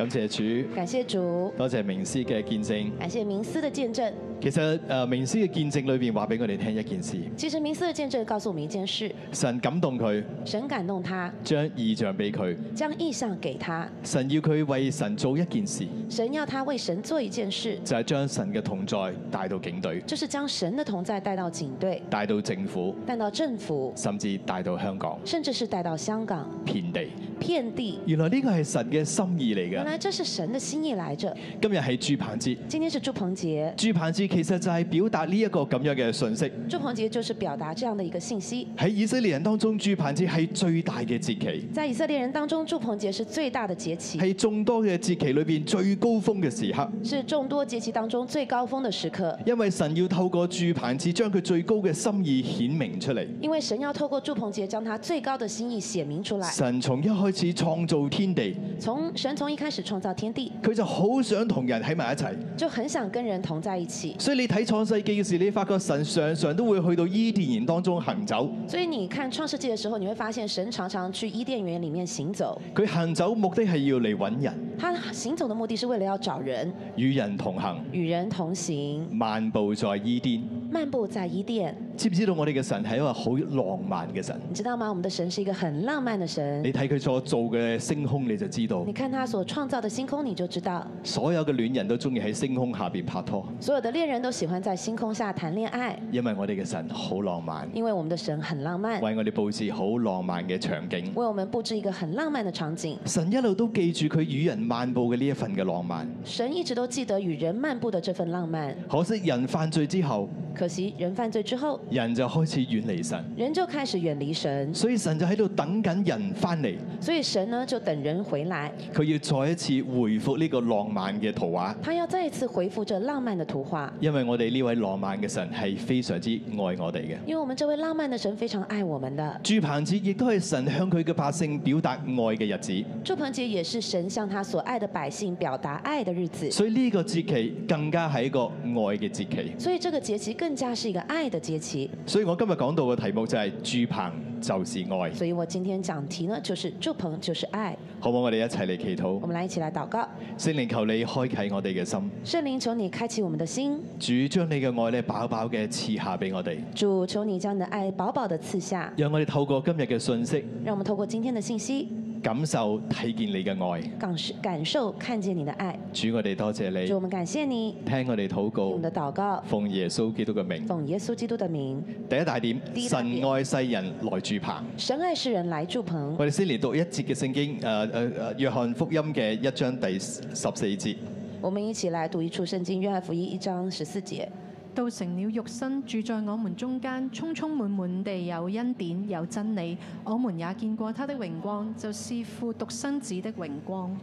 感謝主，感謝主，多謝明思嘅見證，感謝明思嘅見證。其實誒，明思嘅見證裏邊話俾我哋聽一件事。其實明思嘅見證告訴我們一件事：神感動佢，神感動他，將異象俾佢，將異象給他。神要佢為神做一件事，神要他為神做一件事，就係將神嘅同在帶到警隊，就是將神嘅同在帶到警隊，帶到政府，帶到政府，甚至帶到香港，甚至是帶到香港遍地，遍地。原來呢個係神嘅心意嚟嘅。那，這是神的心意來着。今日係住棚節。今天是住棚節。住棚節其實就係表達呢一個咁樣嘅信息。住棚節就是表達這樣的一個信息。喺以色列人當中，住棚節係最大嘅節期。在以色列人當中，住棚節是最大的節期。係眾多嘅節期裏邊最高峰嘅時刻。是眾多節期當中最高峰嘅時刻。因為神要透過住棚節將佢最高嘅心意顯明出嚟。因為神要透過住棚節將他最高嘅心意顯明出嚟。神從一開始創造天地。從神從一開始。創造天地，佢就好想同人喺埋一齊，就很想跟人同在一起。所以你睇創世記嘅時，你發覺神常常都會去到伊甸園當中行走。所以你看創世記嘅時候，你會發現神常常去伊甸園裏面行走。佢行走目的係要嚟搵人，他行走的目的是為了要找人，與人同行，與人同行，漫步在伊甸，漫步在伊甸。知唔知道我哋嘅神係一個好浪漫嘅神？你知道嗎？我們的神是一個很浪漫嘅神。你睇佢所做嘅星空，你就知道。你看他所創。創造的星空，你就知道。所有嘅戀人都中意喺星空下邊拍拖。所有的戀人都喜歡在星空下談戀愛。因為我哋嘅神好浪漫。因為我們的神很浪漫，為我哋布置好浪漫嘅場景。為我們布置一個很浪漫的場景。神一路都記住佢與人漫步嘅呢一份嘅浪漫。神一直都記得與人漫步的這份浪漫。可惜人犯罪之後。可惜人犯罪之後。人就開始遠離神。人就開始遠離神。所以神就喺度等緊人翻嚟。所以神呢就等人回來。佢要再。一次回覆呢個浪漫嘅圖畫，他要再一次回覆這浪漫嘅圖畫，因為我哋呢位浪漫嘅神係非常之愛我哋嘅。因為我們這位浪漫嘅神，神非常愛我們的。住棚節亦都係神向佢嘅百姓表達愛嘅日子。住棚節也是神向他所愛的百姓表達愛的日子。所以呢個節期更加係一個愛嘅節期。所以這個節期更加是一個愛的節期。所以，節節所以我今日講到嘅題目就係住棚就是愛，所以我今天講題呢，就是住棚就是愛，好冇？我哋一齊嚟祈禱，我們來一起來禱告，聖靈求你開啟我哋嘅心，聖靈求你開啟我們的心，的心，主將你嘅愛呢飽飽嘅賜下俾我哋，主求你將你的愛飽飽的賜下，讓我哋透過今日嘅信息，讓我們透過今天的信息。感受、睇見你嘅愛，感受、感受、看見你嘅愛。主，我哋多謝你。主，我們感謝你。聽我哋禱告。我們的禱告。奉耶穌基督嘅名。奉耶穌基督的名。的名第一大點：大點，神愛世人來住棚。神愛世人來住棚。我哋先嚟讀一節嘅聖經，誒誒誒，約翰福音嘅一章第十四節。我們一起來讀一處聖經，約翰福音一章十四節。道成了肉身，住在我們中間，充充滿滿地有恩典，有真理。我們也見過他的榮光，就是父獨生子的榮光。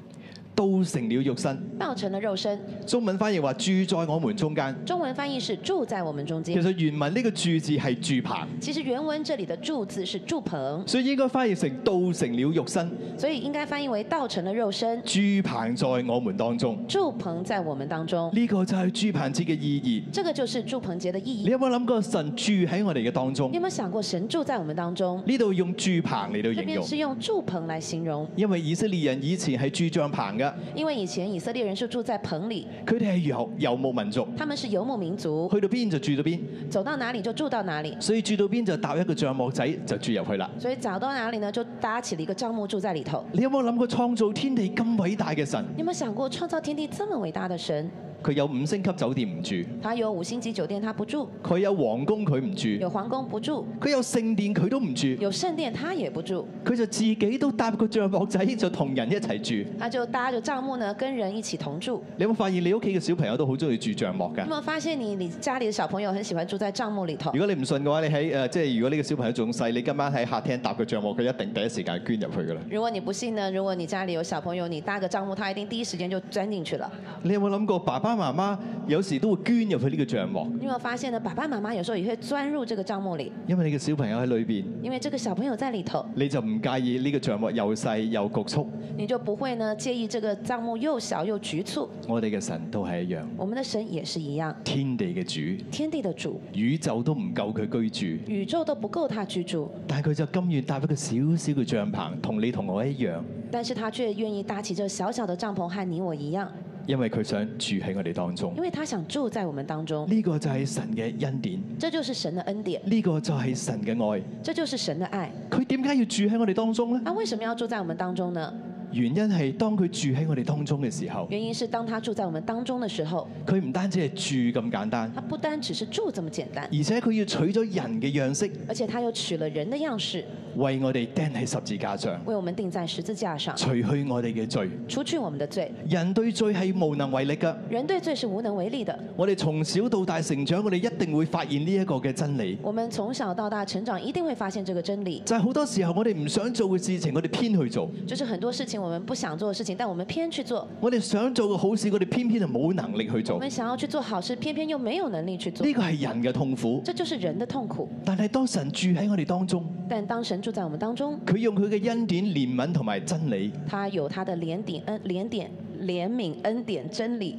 道成了肉身，道成了肉身。中文翻譯話住在我們中間，中文翻譯是住在我們中間。其實原文呢個住字係住棚，其實原文這裡的住字是住棚，所以應該翻譯成道成了肉身，所以應該翻譯為道成了肉身。住棚在我們當中，住棚在我們當中，呢個就係住棚節嘅意義。這個就是住棚節嘅意義。意義你有冇諗過神住喺我哋嘅當中？你有冇想過神住在我們當中？呢度用住棚嚟到形容，呢邊是用住棚嚟形容，因為以色列人以前係住帳棚嘅。因為以前以色列人是住在棚裏，佢哋係游游牧民族，他們是游牧民族，他們是民族去到邊就住到邊，走到哪裏就住到哪裏，所以住到邊就搭一個帳幕仔就住入去啦。所以找到哪裏呢，就搭起了一個帳幕住在裏頭。你有冇諗過創造天地咁偉大嘅神？你有冇想過創造天地這麼偉大的神？佢有五星級酒店唔住，他有五星級酒店，他不住。佢有皇宮佢唔住，有皇宮不住。佢有聖殿佢都唔住，有聖殿他也不住。佢就自己都搭個帳幕仔就同人一齊住，他就搭著帳幕呢跟人一起同住。你有冇發現你屋企嘅小朋友都好中意住帳幕㗎？你有冇發現你你家裡嘅小朋友很喜歡住在帳幕裡頭，如果你唔信嘅話，你喺誒、呃、即係如果呢個小朋友仲細，你今晚喺客廳搭個帳幕，佢一定第一時間捐入去㗎啦。如果你不信呢，如果你家裡有小朋友，你搭個帳幕，他一定第一時間就鑽進去了。你有冇諗過爸爸？爸爸媽媽有時都會捐入去呢個帳篷。你有冇發現呢？爸爸媽媽有時候也會鑽入這個帳篷裏。因為你嘅小朋友喺裏邊。因為這個小朋友在裏頭。你就唔介意呢個帳篷又細又局促。你就不會呢介意這個帳篷又小又局促。我哋嘅神都係一樣。我們嘅神也是一樣。天地嘅主。天地嘅主。宇宙都唔夠佢居住。宇宙都不夠他居住。但係佢就甘願搭一個小小嘅帳篷，同你同我一樣。但是他卻願意搭起這小小的帳篷，和你我一樣。因為佢想住喺我哋當中。因為他想住在我們當中。呢個就係神嘅恩典。這就是神的恩典。呢個就係神嘅愛。這就是神的愛。佢點解要住喺我哋當中呢？他為什麼要住在我們當中呢？啊原因係當佢住喺我哋當中嘅時候，原因是當他住在我們當中的時候，佢唔單止係住咁簡單，他不單只是住這麼簡單，而且佢要取咗人嘅樣式，而且他又取了人的樣式，為我哋釘喺十字架上，為我們釘在十字架上，除去我哋嘅罪，除去我們的罪，人對罪係無能為力嘅，人對罪是無能為力的。力的我哋從小到大成長，我哋一定會發現呢一個嘅真理。我們從小到大成長一定會發現這個真理。就係好多時候我哋唔想做嘅事情，我哋偏去做，就是很多事情。我們不想做的事情，但我們偏去做。我哋想做嘅好事，我哋偏偏就冇能力去做。我們想要去做好事，偏偏又沒有能力去做。呢個係人嘅痛苦。這就是人的痛苦。但係當神住喺我哋當中，但當神住在我們當中，佢用佢嘅恩典、憐憫同埋真理。他有他的憐憫恩憐憫憐憫恩典真理。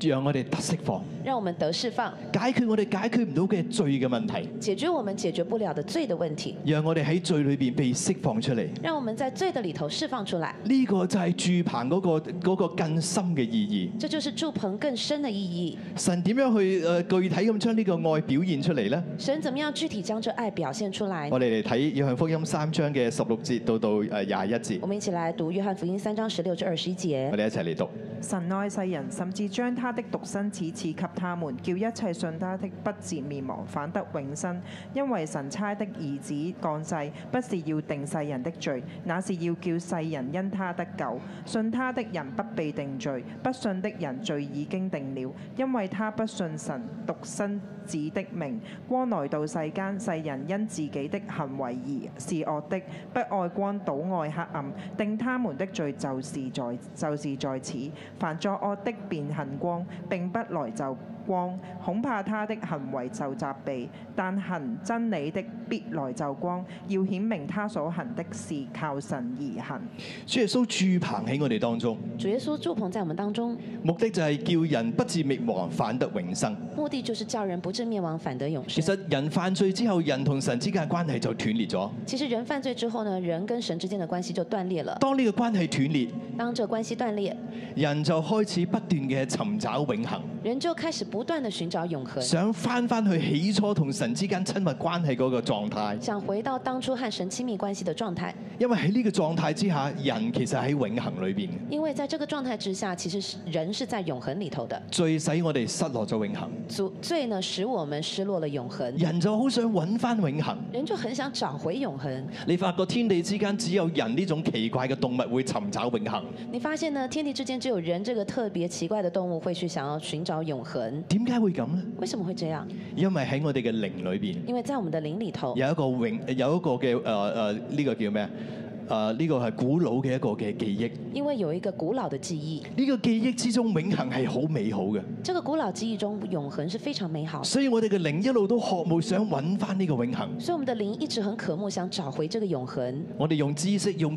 讓我哋得釋放，讓我們得釋放，解決我哋解決唔到嘅罪嘅問題，解決我們解決不了嘅罪嘅問題。讓我哋喺罪裏邊被釋放出嚟，讓我們在罪的裏頭釋放出來。呢個就係住棚嗰個嗰個更深嘅意義，這就是住棚更深嘅意義。神點樣去誒具體咁將呢個愛表現出嚟呢？神怎麼樣具體將這愛表現出嚟？我哋嚟睇約翰福音三章嘅十六節到到誒廿一節。我哋一起嚟讀約翰福音三章十六至二十一節。我哋一齊嚟讀。神愛世人，甚至將他。他的獨生子賜給他們，叫一切信他的不至滅亡，反得永生。因為神差的兒子降世，不是要定世人的罪，那是要叫世人因他得救。信他的人不被定罪，不信的人罪已經定了，因為他不信神獨生子的名。光來到世間，世人因自己的行為而是惡的，不愛光倒愛黑暗，定他們的罪就是在就是在此。凡作惡的便恨光。並不來就。光恐怕他的行為就責備，但行真理的必來就光，要顯明他所行的是靠神而行。主耶穌住棚喺我哋當中，主耶穌住棚在我們當中，當中目的就係叫人不至滅亡，反得永生。目的就是叫人不至滅亡，反得永生。其實人犯罪之後，人同神之間嘅關係就斷裂咗。其實人犯罪之後呢，人跟神之間的關係就斷裂了。當呢個關係斷裂，當這關係斷裂，人就開始不斷嘅尋找永恆。人就開始不斷的尋找永恒，想翻翻去起初同神之間親密關係嗰個狀態，想回到當初和神親密關係的狀態。因為喺呢個狀態之下，人其實喺永恒裏邊。因為在這個狀態之下，其實人是在永恒裏頭的。罪使我哋失落咗永恒，罪呢使我們失落了永恒。人就好想揾翻永恒，人就很想找回永恒。永你發覺天地之間只有人呢種奇怪嘅動物會尋找永恒。你發現呢天地之間只有人這個特別奇怪的動物會去想要尋找永恒。點解會咁咧？為什麼會這樣？因為喺我哋嘅靈裏面，因為在我們的靈裏，裏頭有一個永有一個嘅呢、呃呃呢個叫咩啊？誒呢、啊，這個係古老嘅一個嘅記憶，因為有一個古老嘅記憶。呢個記憶之中永恒係好美好嘅。這個古老記憶中永恒是非常美好。所以我哋嘅靈一路都渴望想揾翻呢個永恒。所以我們的靈一直很渴慕想找回這個永恒。我哋用知識用、用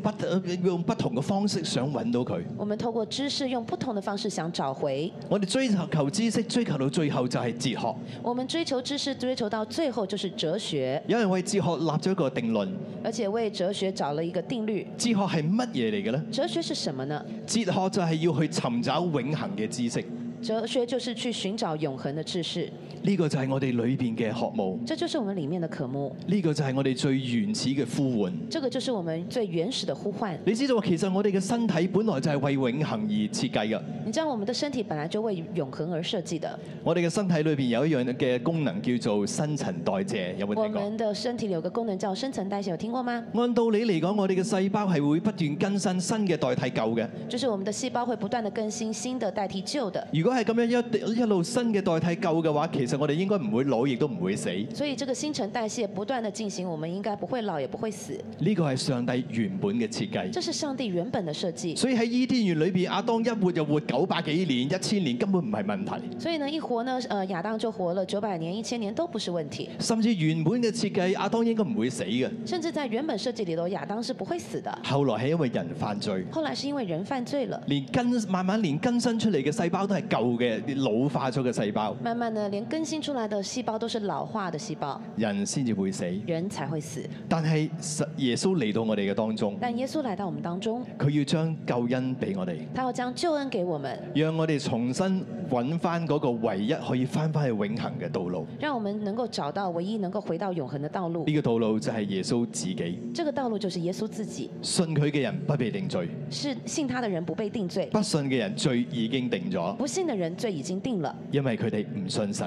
不用不同嘅方式想揾到佢。我們透過知識，用不同的方式想找回。我哋追求求知識，追求到最後就係哲學。我們追求知識，追求到最後就是哲學。哲學有人為哲學立咗一個定論，而且為哲學找了一個定。哲學係乜嘢嚟嘅咧？哲學是什麼呢？哲學就係要去尋找永恒嘅知識。哲學就是去尋找永恒的知識。呢個就係我哋裏邊嘅渴慕，呢個就係我哋最原始嘅呼喚，呢個就係我哋最原始嘅呼喚。你知道其實我哋嘅身體本來就係為永恒而設計嘅。你知道我們嘅身體本來就為永恒而設計嘅。我哋嘅身體裏邊有一樣嘅功能叫做新陳代謝。有冇聽過？我們嘅身體有個功能叫新陳代謝。有聽過嗎？按道理嚟講，我哋嘅細胞係會不斷更新，新嘅代替舊嘅。就是我們嘅細胞會不斷的更新，新的代替舊嘅。新新舊如果係咁樣一，一一路新嘅代替舊嘅話，其實，我哋應該唔會老，亦都唔會死。所以這個新陳代謝不斷地進行，我們應該不會老，也不會死。呢個係上帝原本嘅設計。這是上帝原本嘅設計。所以喺伊甸園裏邊，亞當一活就活九百幾年、一千年根本唔係問題。所以呢，一活呢，呃亞當就活了九百年、一千年都不是問題。甚至原本嘅設計，亞當應該唔會死嘅。甚至在原本設計裡頭，亞當是不會死的。後來係因為人犯罪。後來係因為人犯罪了。連根慢慢連更新出嚟嘅細胞都係舊嘅，老化咗嘅細胞。慢慢的連根。更新出來的細胞都是老化的細胞，人先至會死，人才會死。會死。但係耶穌嚟到我哋嘅當中，但耶穌來到我們當中，佢要將救恩俾我哋，他要將救恩給我們，我們讓我哋重新揾翻嗰個唯一可以翻翻去永恆嘅道路。讓我們能夠找到唯一能夠回到永恆的道路。呢個道路就係耶穌自己，這個道路就是耶穌自己。自己信佢嘅人不被定罪，是信他的人不被定罪。不信嘅人罪已經定咗，不信的人罪已經定了，定了因為佢哋唔信神。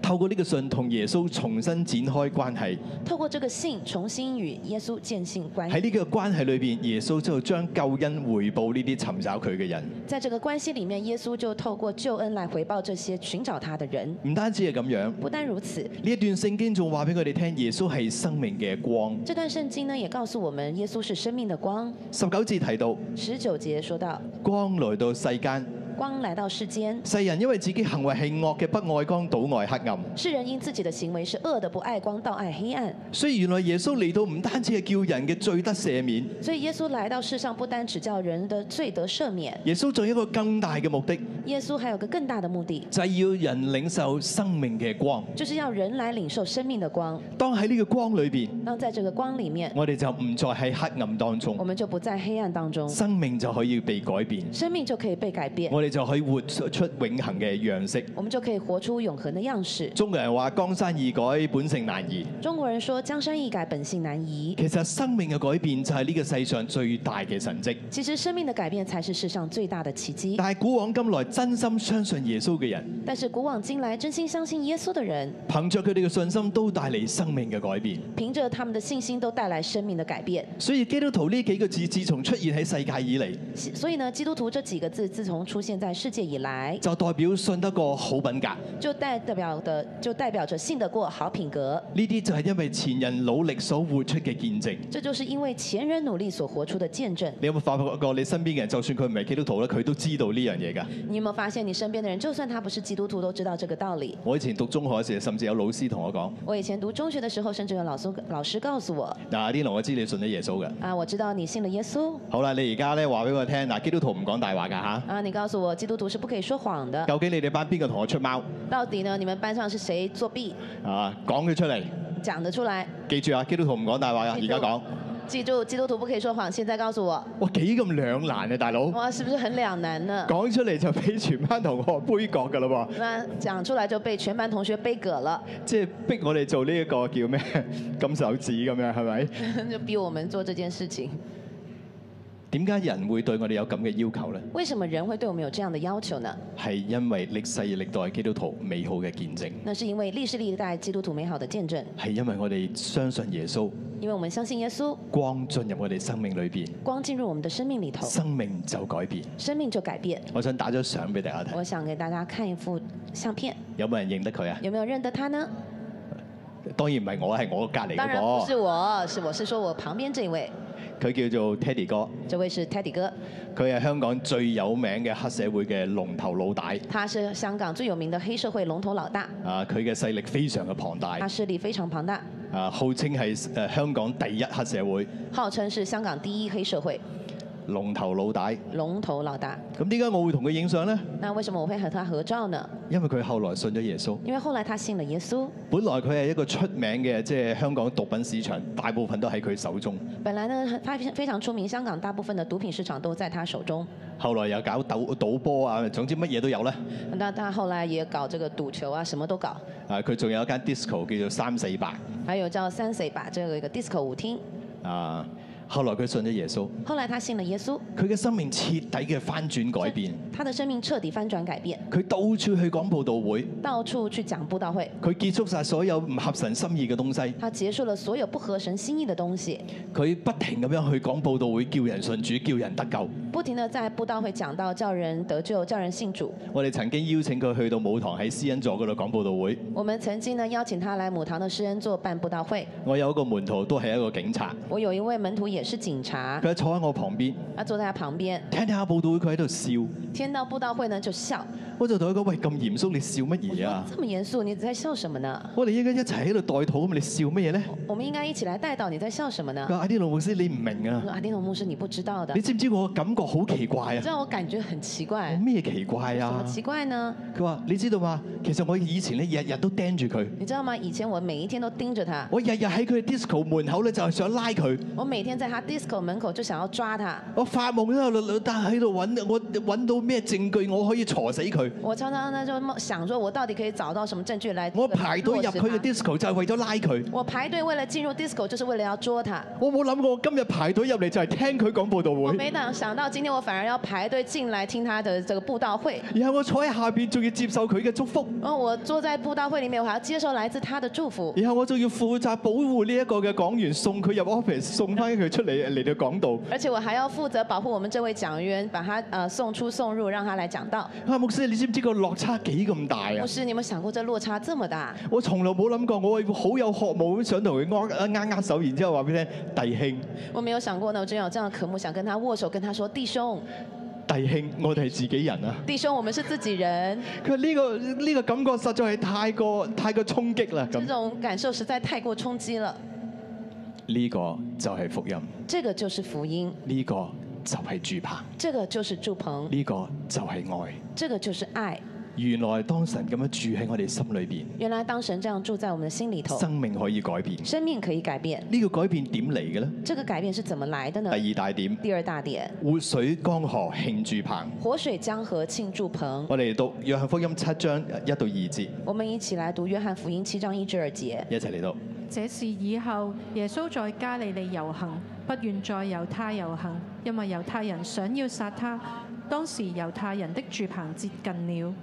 透過呢個信同耶穌重新展開關係。透過這個信重新與耶穌建信關係。喺呢個關係裏邊，耶穌就將救恩回報呢啲尋找佢嘅人。在這個關係裡面，耶穌就透過救恩來回報這些尋找他嘅人。唔單止係咁樣。不單如此。呢一段聖經仲話俾佢哋聽，耶穌係生命嘅光。這段聖經呢，也告訴我們耶穌是生命的光。十九節提到。十九節說到。光來到世間。光來到世間，世人因為自己行為係惡嘅，不愛光倒愛黑暗。世人因自己的行為是惡的，不愛光倒愛黑暗。所以原來耶穌嚟到唔單止係叫人嘅罪得赦免。所以耶穌來到世上不單只叫人的罪得赦免。耶穌仲有一個更大嘅目的。耶穌還有個更大的目的，的目的就係要人領受生命嘅光。就是要人來領受生命的光。當喺呢個光裏邊，當在這個光裏面，我哋就唔再喺黑暗當中。我們就不在黑暗當中，當中生命就可以被改變。生命就可以被改變。就可以活出永恆嘅樣式。我們就可以活出永恆的樣式。中國人話江山易改，本性難移。中國人說江山易改，本性難移。難移，其實生命嘅改變就係呢個世上最大嘅神蹟，其實生命的改變才是世上最大的奇蹟。但係古往今來真心相信耶穌嘅人，但是古往今來真心相信耶穌的人，憑着佢哋嘅信心都帶嚟生命嘅改變，憑着他們的信心都帶來生命的改變。改變，所以基督徒呢幾個字，自從出現喺世界以嚟，所以呢基督徒這幾個字，自從出現。現在世界以來，就代表信得過好品格。就代代表的就代表着信得過好品格。呢啲就係因為前人努力所活出嘅見證。這就是因為前人努力所活出嘅見證。你有冇發覺過你身邊嘅人，就算佢唔係基督徒咧，佢都知道呢樣嘢噶？你有冇發現你身邊嘅人，人，就算他不是基督徒，都知道這個道理？我以前讀中學嘅時候，甚至有老師同我講。我以前讀中學嘅時候，甚至有老師老師告訴我。嗱、啊，呢個我知你信咗耶穌嘅。啊，我知道你信咗耶穌。好啦，你而家咧話俾我聽，嗱，基督徒唔講大話噶吓。啊，你告訴。我基督徒是不可以說謊的。究竟你哋班邊個同學出貓？到底呢？你們班上是誰作弊？啊，講佢出嚟。講得出來。記住啊，基督徒唔講大話啊。而家講。記住，基督徒不可以說謊，現在告訴我。哇，幾咁兩難啊，大佬。哇，是不是很兩難呢？講出嚟就俾全班同學杯葛噶啦噃。咁講出嚟就被全班同學杯葛了，了。即係 逼我哋做呢一個叫咩金手指咁樣，係咪？就逼我們做這件事情。點解人會對我哋有咁嘅要求呢？為什麼人會對我們有這樣的要求呢？係因為歷世歷代基督徒美好嘅見證。那是因為歷世歷代基督徒美好的見證。係因為我哋相信耶穌。因為我們相信耶穌。耶穌光進入我哋生命裏邊。光進入我們的生命裏頭。生命就改變。生命就改變。我想打張相俾大家睇。我想給大家看一幅相片。有冇人認得佢啊？有沒有認得他呢？當然唔係我，係我隔籬嗰個。當然不是我，是我的是說我，我旁邊這位。 佢叫做 Teddy 哥，這位是 Teddy 哥，佢係香港最有名嘅黑社會嘅龍頭老大。他是香港最有名的黑社會龍頭老大。啊，佢嘅勢力非常嘅龐大。他勢力非常龐大。啊，號稱係誒香港第一黑社會，號稱是香港第一黑社會。龍頭老大，龍頭老大。咁點解我會同佢影相呢？那為什麼我會和他合照呢？因為佢後來信咗耶穌。因為後來他信了耶穌。本來佢係一個出名嘅，即係香港毒品市場，大部分都喺佢手中。本來呢，他非常出名，香港大部分嘅毒品市場都在他手中。後來又搞賭賭波啊，總之乜嘢都有啦。但他後來也搞這個賭球啊，什麼都搞。啊，佢仲有一間 disco 叫做三四八。還有叫三四八，即係一個 disco 舞廳。啊。後來佢信咗耶穌。後來他信了耶穌。佢嘅生命徹底嘅翻轉改變。他的生命徹底翻轉改變。佢到處去講布道會。到處去講布道會。佢結束晒所有唔合神心意嘅東西。他結束了所有不合神心意的東西。佢不，不停咁樣去講布道會，叫人信主，叫人得救。不停的在布道會講到叫人得救，叫人信主。我哋曾經邀請佢去到母堂喺施恩座嗰度講布道會。我們曾經呢邀請他來母堂的施恩座辦布道會。我有一個門徒都係一個警察。我有一位門徒也。是警察，佢坐喺我旁邊，啊坐喺佢旁邊，聽下布道會，佢喺度笑，聽到布道會呢，笑聽到布道會呢就笑。我就同佢講：喂，咁嚴肅，你笑乜嘢啊？咁麼嚴肅？你在笑什麼呢？我哋應該一齊喺度代禱，咁你笑乜嘢呢我？我們應該一起來代禱，你在笑什麼呢？阿迪奴牧師，你唔明啊！阿迪奴牧師，你不知道的。你知唔知道我感覺好奇怪啊？你知道我感覺很奇怪。咩奇怪啊？奇怪呢？佢話：你知道嗎？其實我以前咧日日都盯住佢。你知道嗎？以前我每一天都盯住佢。我日日喺佢 disco 門口咧，就係想拉佢。我每天在他 disco 門，門口就想要抓他。我發夢之後，老老但喺度揾，我揾到咩證據，我可以挫死佢。我常常呢，就想，說我到底可以找到什麼證據來？我排隊入佢嘅 disco 就係為咗拉佢。我排隊為了進入 disco，就是為了要捉他。我冇諗過，我今日排隊入嚟就係聽佢講佈道會。我沒諗想到，今天我反而要排隊進來聽他的這個佈道會。然後我坐喺下邊，仲要接受佢嘅祝福。哦，我坐在佈道會裡面，我還要接受來自他的祝福。然後我仲要負責保護呢一個嘅講員，送佢入 office，送翻佢出嚟嚟到講道。而且我還要負責保護我們這位講員，把他呃送出送入，讓他來講道。知唔知個落差幾咁大啊？牧師，你有冇想過這落差這麼大？我從來冇諗過，我會好有渴慕想同佢握、握握手，然之後話俾你聽弟兄。我沒有想過，那我真有這樣渴慕，想跟他握手，跟他說弟兄。弟兄，弟兄我哋係自己人啊！弟兄，我們是自己人。佢話呢個呢個感覺實在係太過太過衝擊啦！咁，呢種感受實在太過衝擊了。呢個就係福音。這個就是福音。呢個。這個就係住棚，呢個就是住棚。呢個就係愛，呢個就是愛。原來當神咁樣住喺我哋心裏邊，原來當神這樣住在我哋嘅心裏頭，生命可以改變，生命可以改變。呢個改變點嚟嘅呢？這個改變是怎麼來的呢？第二大點，第二大點，活水江河慶住棚，活水江河慶住棚。我哋讀約翰福音七章一到二節，我哋一齊嚟讀約翰福音七章一至二節，一齊嚟讀。這是以後耶穌在加利利遊行。不願再猶太遊行，因為猶太人想要殺他。當時猶太人的住棚接近了。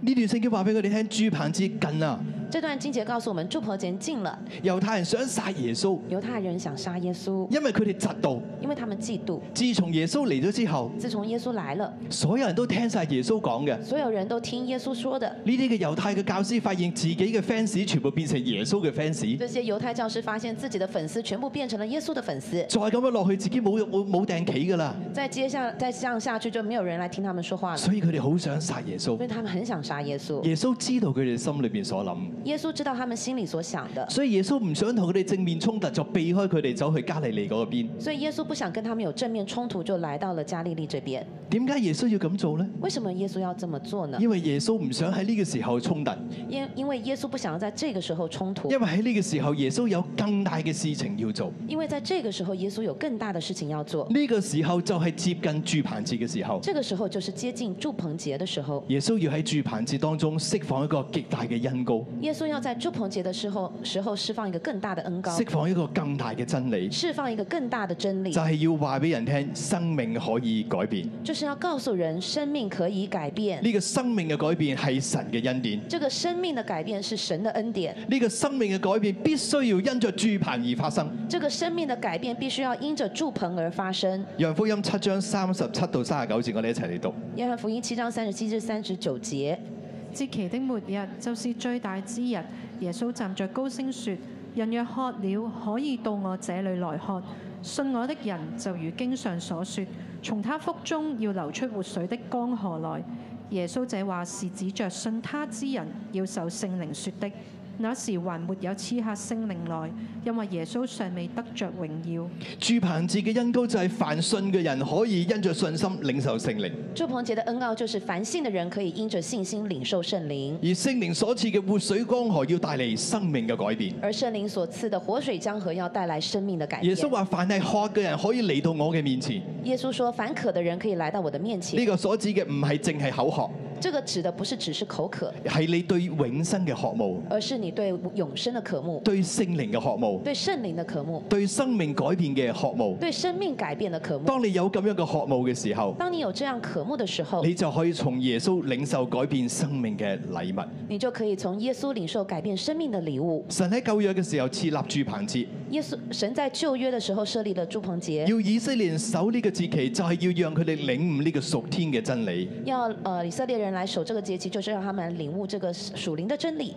呢段聖經話俾佢哋聽，住棚接近啊。這段經節告訴我們，住棚節近了。猶太人想殺耶穌。猶太人想殺耶穌。因為佢哋嫉妒。因為他們嫉妒。自從耶穌嚟咗之後。自從耶穌來了。所有人都聽晒耶穌講嘅。所有人都聽耶穌說的。呢啲嘅猶太嘅教師發現自己嘅 fans 全部變成耶穌嘅 fans。這些猶太教師發現自己嘅粉絲全部變成了耶穌嘅粉絲。再咁樣落去，自己冇冇冇定企噶啦。再接下再向下去，就沒有人來聽他們說話。所以佢哋好想殺耶穌。因為他們很想殺耶穌。耶穌,耶穌知道佢哋心裏邊所諗。耶穌知道他們心裏所想的，所以耶穌唔想同佢哋正面衝突，就避開佢哋走去加利利嗰邊。所以耶穌不想跟他們有正面衝突，就來到了加利利這邊。點解耶穌要咁做呢？為什麼耶穌要這麼做呢？因為耶穌唔想喺呢個時候衝突，因因為耶穌不想要在這個時候衝突。因為喺呢個時候耶穌有更大嘅事情要做。因為在這個時候耶穌有更大嘅事情要做。呢個，個時候就係接近住棚節嘅時候。這個時候就是接近住棚節嘅時候。耶穌要喺住棚節當中釋放一個極大嘅恩膏。耶穌要在住棚節的時候時候釋放一個更大的恩膏，釋放一個更大嘅真理，釋放一個更大的真理，就係要話俾人聽生命可以改變，就是要告訴人生命可以改變。呢個生命嘅改變係神嘅恩典，這個生命的改變是神的恩典。呢個生命嘅改變必須要因着住棚而發生，這個生命的改變必須要因着住棚而發生。約翰福音七章三十七到三十九節，我哋一齊嚟讀。約翰福音七章三十七至三十九節。節期的末日就是最大之日。耶穌站著高聲説：人若渴了，可以到我這裏來喝。信我的人就如經上所說，從他腹中要流出活水的江河來。耶穌這話是指着信他之人要受聖靈説的。那時還沒有賜下聖靈來，因為耶穌尚未得着榮耀。主彭志嘅恩膏就係凡信嘅人可以因着信心領受聖靈。主彭志嘅恩膏就是凡信嘅人可以因着信心領受聖靈。而聖靈所賜嘅活水江河要帶嚟生命嘅改變。而聖靈所賜嘅活水江河要帶來生命嘅改變。耶穌話，凡係渴嘅人可以嚟到我嘅面前。耶穌說，凡渴的人可以來到我的面前。呢個所指嘅唔係淨係口渴。這個指嘅不是只是口渴，係你對永生嘅渴慕。而是對永生的渴慕，對聖靈嘅渴慕，對聖靈的渴慕，對生命改變嘅渴慕，對生命改變的渴慕。當你有咁樣嘅渴慕嘅時候，當你有這樣渴慕的時候，你就可以從耶穌領受改變生命嘅禮物。你就可以從耶穌領受改變生命的禮物。神喺舊約嘅時候設立住棚節，耶穌神在舊約嘅時候設立了住棚節，要以色列人守呢個節期，就係要讓佢哋領悟呢個屬天嘅真理。要誒，以色列人來守這個節期，就是讓他們領悟這個屬靈的真理。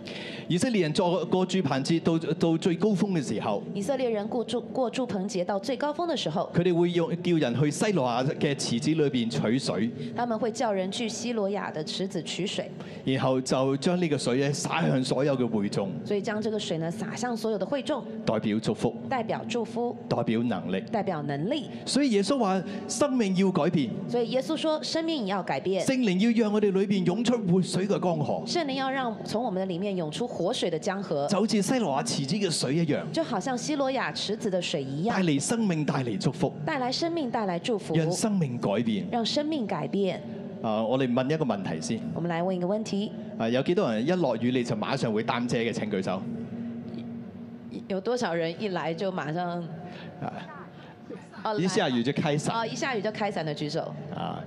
以色列。人坐過住棚節到到最高峰嘅時候，以色列人過住過住棚節到最高峰嘅時候，佢哋會用叫人去西羅亞嘅池子裏邊取水。他們會叫人去西羅亞嘅池子取水，然後就將呢個水咧灑向所有嘅會眾。所以將這個水呢灑向所有的會眾，代表祝福，代表祝福，代表能力，代表能力。所以耶穌話生命要改變。所以耶穌說生命要改變，聖靈要讓我哋裏邊湧出活水嘅江河。聖靈要讓從我們的裏面湧出活水。的江河，就好似西羅亞池子嘅水一樣，就好像西羅亞池子的水一樣，帶嚟生命，帶嚟祝福，帶來生命，帶來祝福，讓生命改變，讓生命改變。啊，uh, 我哋問一個問題先，我們來問一個問題。啊，uh, 有幾多人一落雨你就馬上會擔遮嘅？請舉手。有多少人一來就馬上啊？一下雨就開傘。啊，一下雨就開傘的舉手。啊。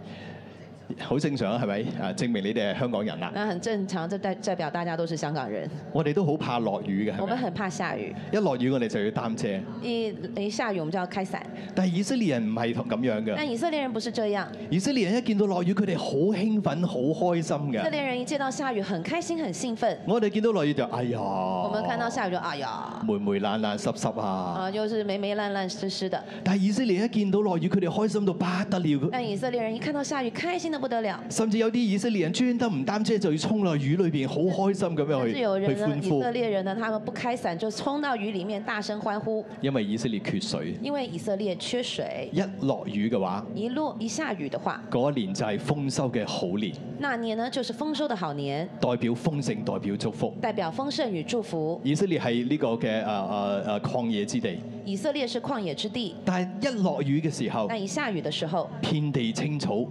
好正常啊，係咪？啊，證明你哋係香港人啦。那很正常，就代代表大家都是香港人。我哋都好怕落雨嘅。我們很怕下雨。一落雨我哋就要擔遮。一一下雨我們就要，們就要開傘。但係以色列人唔係同咁樣嘅。但以色列人不是這樣。以色列人一見到落雨佢哋好興奮，好開心嘅。以色列人一見到下雨，很開心，很興奮。我哋見到落雨就哎呀。我們看到下雨就哎呀。霉霉爛爛濕濕啊。啊，又是霉霉爛爛濕濕的。但係以色列人一見到落雨佢哋開心到不得了。但以色列人一看到下雨，開心得。不得了，甚至有啲以色列人專登唔擔遮就要衝落雨裏邊，好開心咁樣去去歡呼。人啊，以色列人呢，他們不開傘就衝到雨裏面，大聲歡呼。因為以色列缺水。因為以色列缺水。一落雨嘅話。一落一下雨嘅話。嗰一年就係豐收嘅好年。那年呢，就是豐收嘅好年。代表豐盛，代表祝福。代表豐盛與祝福。以色列係呢個嘅誒誒誒曠野之地。以色列是曠野之地，但一落雨嘅時候，但一下雨嘅時候，遍地青草，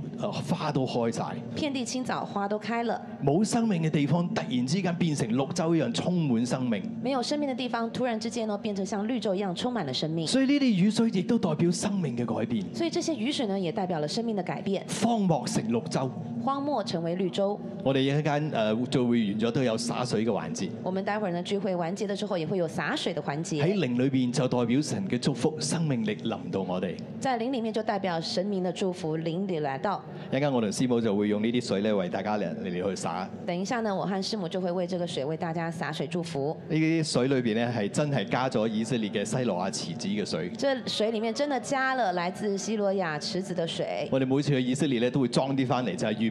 花都開晒，遍地青草花都開了，冇生命嘅地方突然之間變成綠洲一樣充滿生命，沒有生命嘅地方突然之間呢變成像綠洲一樣充滿了生命，所以呢啲雨水亦都代表生命嘅改變，所以這些雨水呢也代表了生命的改變，荒漠成綠洲。荒漠成為綠洲。我哋一間誒聚會完咗都有灑水嘅環節。我們待會呢聚會完結咗之後，也會有灑水嘅環節。喺靈裏邊就代表神嘅祝福，生命力臨到我哋。在靈裏面就代表神明的祝福，靈裏來到。一陣間我同師母就會用這些呢啲水咧為大家嚟嚟去灑。等一下呢，我和師母就會為這個水為大家灑水祝福。呢啲水裏邊呢，係真係加咗以色列嘅西羅亞池子嘅水。即這水裡面真的加了來自西羅亞池子嘅水。我哋每次去以色列咧都會裝啲翻嚟就係、是。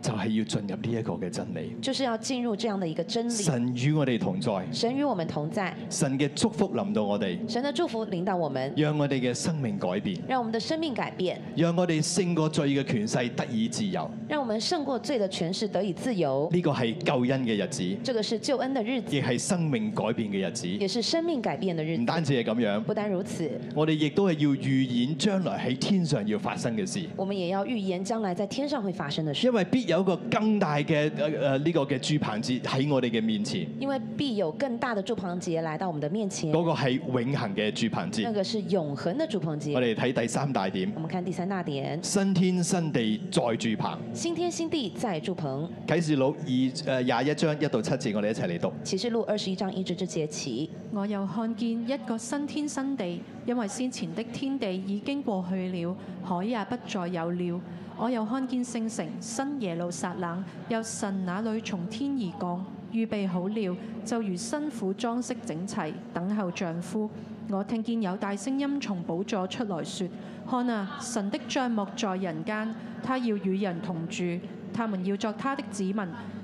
就係要進入呢一個嘅真理，就是要進入這樣的一個真理。神與我哋同在，神與我們同在，神嘅祝福臨到我哋，神的祝福臨到我們，讓我哋嘅生命改變，讓我們的生命改變，讓我哋勝過罪嘅權勢得以自由，讓我們勝過罪嘅權勢得以自由。呢個係救恩嘅日子，這個是救恩嘅日子，亦係生命改變嘅日子，也是生命改變嘅日子。唔單止係咁樣，不單如此，我哋亦都係要預言將來喺天上要發生嘅事，我們也要預言將來在天上會發生嘅事，因為必。有一個更大嘅誒誒呢個嘅住棚節喺我哋嘅面前，因為必有更大嘅住棚節嚟到我哋嘅面前。嗰個係永恆嘅住棚節，嗰個係永恆嘅住棚節。我哋睇第三大點，我哋睇第三大點。新天新地再住棚，新天新地再住棚。啟示錄二誒廿一章一到七節，我哋一齊嚟讀。啟示錄二十二章一到七節，我又看見一個新天新地，因為先前的天地已經過去了，海也不再有了。我又看見聖城新耶路撒冷，由神那裏從天而降，預備好了，就如新婦裝飾整齊，等候丈夫。我聽見有大聲音從寶座出來說：看啊，神的帳幕在人間，他要與人同住，他們要作他的子民，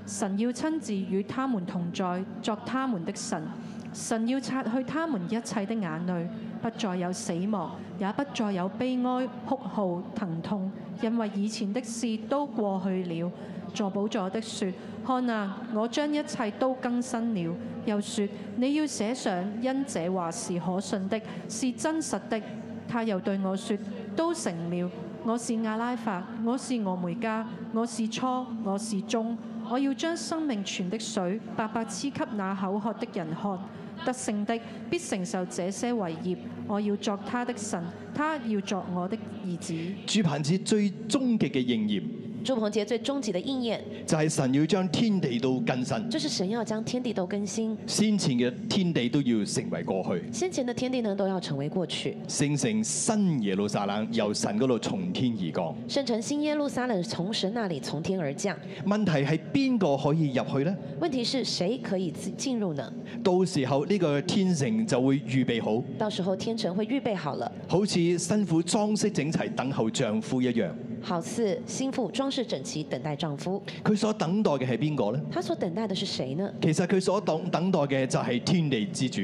神要親自與他們同在，作他們的神。神要擦去他們一切的眼淚。不再有死亡，也不再有悲哀、哭號、疼痛，因為以前的事都過去了。坐寶座的說：「看啊，我將一切都更新了。又說：「你要寫上，因這話是可信的，是真實的。他又對我說：「都成了。我是阿拉法，我是俄梅加，我是初，我是終。我要將生命泉的水白白賜給那口渴的人喝。得勝的必承受這些為業，我要作他的神，他要作我的兒子。主磐石最終極嘅應驗。住棚節最終極的應驗，就係神要將天地都更新。就是神要將天地都更新。先前嘅天地都要成為過去。先前嘅天地呢都要成為過去。聖城新耶路撒冷由神嗰度從天而降。聖城新耶路撒冷從神那裏從天而降。問題係邊個可以入去呢？問題是誰可以進入呢？到時候呢個天城就會預備好。到時候天城會預備好了。好似辛苦裝飾整齊等候丈夫一樣。好似新婦裝飾整齊，等待丈夫。佢所等待嘅係邊個呢？他所等待嘅是誰呢？其實佢所等等待嘅就係天地之主。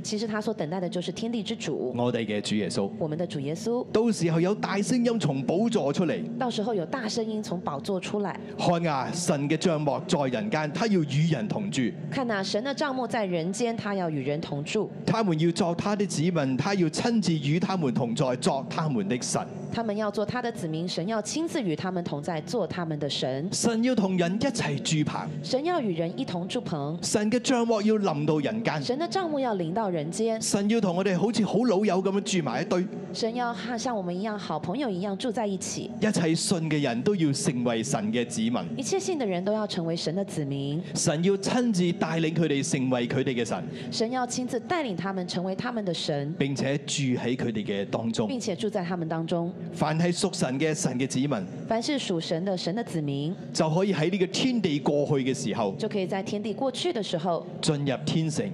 其實他所等待嘅就是天地之主。的之主，我哋嘅主耶穌。我們嘅主耶穌。到時候有大聲音從寶座出嚟。到時候有大聲音從寶座出來。出來看啊，神嘅帳幕在人間，他要與人同住。看啊，神嘅帳幕在人間，他要與人同住。他們要作他的子民，他要親自與他們同在，作他們的神。他們要做他的子民，神要親自與他們同在，做他們的神。神要同人一齊住棚。神要與人一同住棚。神嘅帳幕要臨到人間。神的帳幕要臨到人間。神要同我哋好似好老友咁樣住埋一堆。神要像我們一樣好朋友一樣住在一起。一切信嘅人都要成為神嘅子民。一切信的人都要成為神的子民。神要親自帶領佢哋成為佢哋嘅神。神要親自帶領他們成為他們的神，並且住喺佢哋嘅當中，並且住在他們當中。凡係屬神嘅神嘅子民，凡是屬神的神的子民，就可以喺呢個天地過去嘅時候，就可以在天地過去的時候，進入天城。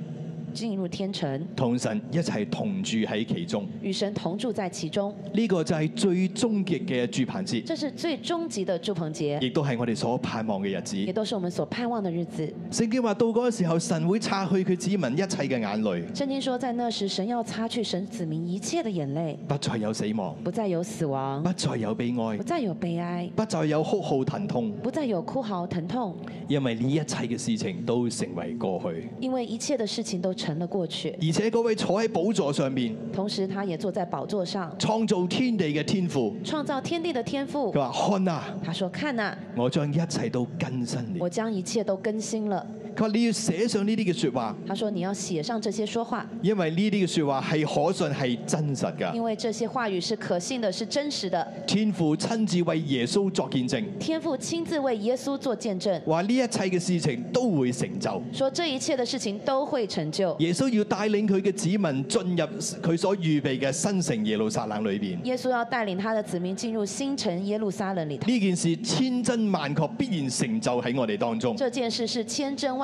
進入天城，同神一齊同住喺其中，與神同住在其中。呢個就係最終極嘅住棚節，這是最終極嘅住棚節，亦都係我哋所盼望嘅日子，亦都是我們所盼望嘅日子。聖經話到嗰時候，神會擦去佢子民一切嘅眼淚。聖經說在那時，神要擦去神子民一切嘅眼淚，不再有死亡，不再有死亡，不再有悲哀，不再有悲哀，不再有哭號疼痛，不再有哭嚎疼痛，痛因為呢一切嘅事情都成為過去，因為一切嘅事情都。沉了過去，而且嗰位坐喺寶座上面，同時他也坐在寶座上，創造天地嘅天父，創造天地嘅天父。佢話看啊，他說看啊，我將一切都更新了，我將一切都更新了。佢話你要寫上呢啲嘅說話，他說你要寫上這些說話，說說話因為呢啲嘅說話係可信係真實㗎。因為這些話語是可信的，是真實的。天父親自為耶穌作見證，天父親自為耶穌作見證，話呢一切嘅事情都會成就。說這一切嘅事情都會成就。耶穌要帶領佢嘅子民進入佢所預備嘅新城耶路撒冷裏邊，耶穌要帶領他的子民進入新城耶路撒冷裏邊。呢件事千真萬確必然成就喺我哋當中。這件事是千真萬。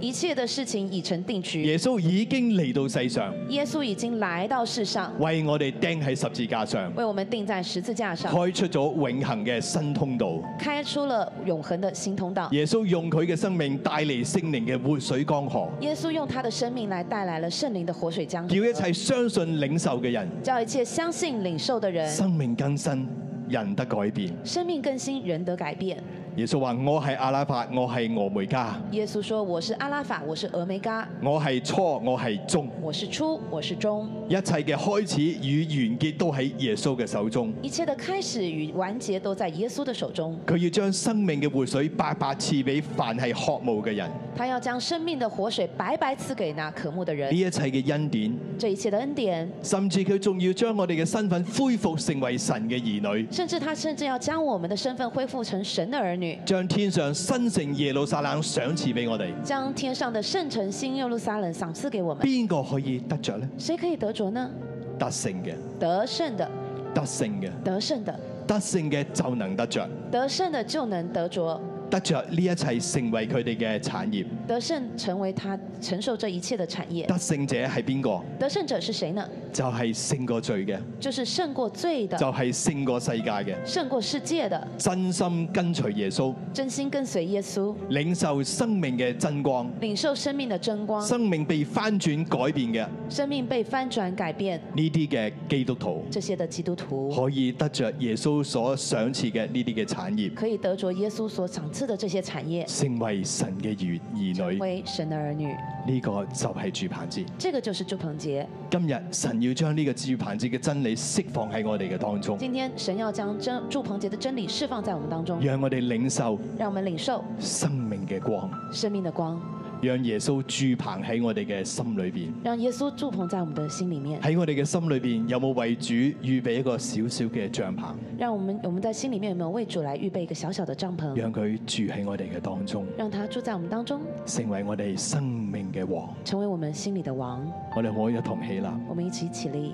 一切的事情已成定局。耶穌已經嚟到世上。耶穌已經來到世上。為我哋釘喺十字架上。為我們釘在十字架上。開出咗永恒嘅新通道。開出了永恒的新通道。通道耶穌用佢嘅生命帶嚟聖靈嘅活水江河。耶穌用他的生命來帶來了聖靈的活水江河。叫一切相信領受嘅人。叫一切相信領受的人。生命更新，人得改變，生命更新，人得改變。耶穌話：我係阿拉法，我係俄梅加。耶穌說：我是阿拉法，我是俄梅加。我係初，我係終。我是初，我是終。一切嘅開始與完結都喺耶穌嘅手中。一切嘅開始與完結都在耶穌嘅手中。佢要將生命嘅活水白白賜俾凡係渴慕嘅人。他要將生命嘅活水白白賜給那渴慕嘅人。呢一切嘅恩典，這一切嘅恩典，甚至佢仲要將我哋嘅身份恢復成為神嘅兒女。甚至他甚至要將我們的身份恢復成神的兒女。將天上新城耶路撒冷賞賜俾我哋，將天上的聖城新耶路撒冷賞賜給我們。邊個可以得着呢？誰可以得着呢？得勝嘅，得勝的，得勝嘅，得勝的，得勝嘅就能得着，得勝的就能得着。得着呢一切成為佢哋嘅產業。得勝成為他承受這一切的產業。得勝者係邊個？得勝者是誰呢？就係勝過罪嘅。就是勝過罪的。就係勝過世界嘅。勝過世界的。界的真心跟隨耶穌。真心跟隨耶穌。領受生命嘅真光。領受生命的真光。生命，真光生命被翻轉改變嘅。生命被翻轉改變。呢啲嘅基督徒。這些嘅基督徒。可以得着耶穌所賞賜嘅呢啲嘅產業。可以得着耶穌所賞。成為神嘅兒女，成為神的兒女，呢個就係住棚節。這個就是住棚節。今日神要將呢個住棚節嘅真理釋放喺我哋嘅當中。今天神要將真住棚節的真理釋放在我們當中，讓我哋領受，讓我們領受生命嘅光，生命的光。讓耶，住讓耶穌住棚喺我哋嘅心裏邊。讓耶穌住棚在我哋嘅心裏面。喺我哋嘅心裏邊，有冇為主預備一個小小嘅帳篷？讓我們我們在心裏面有沒有為主來預備一個小小嘅帳篷？讓佢住喺我哋嘅當中。讓他住在我們當中。成為我哋生命嘅王。成為我們心裡的王。我哋可以一同起立。我們一起一起立。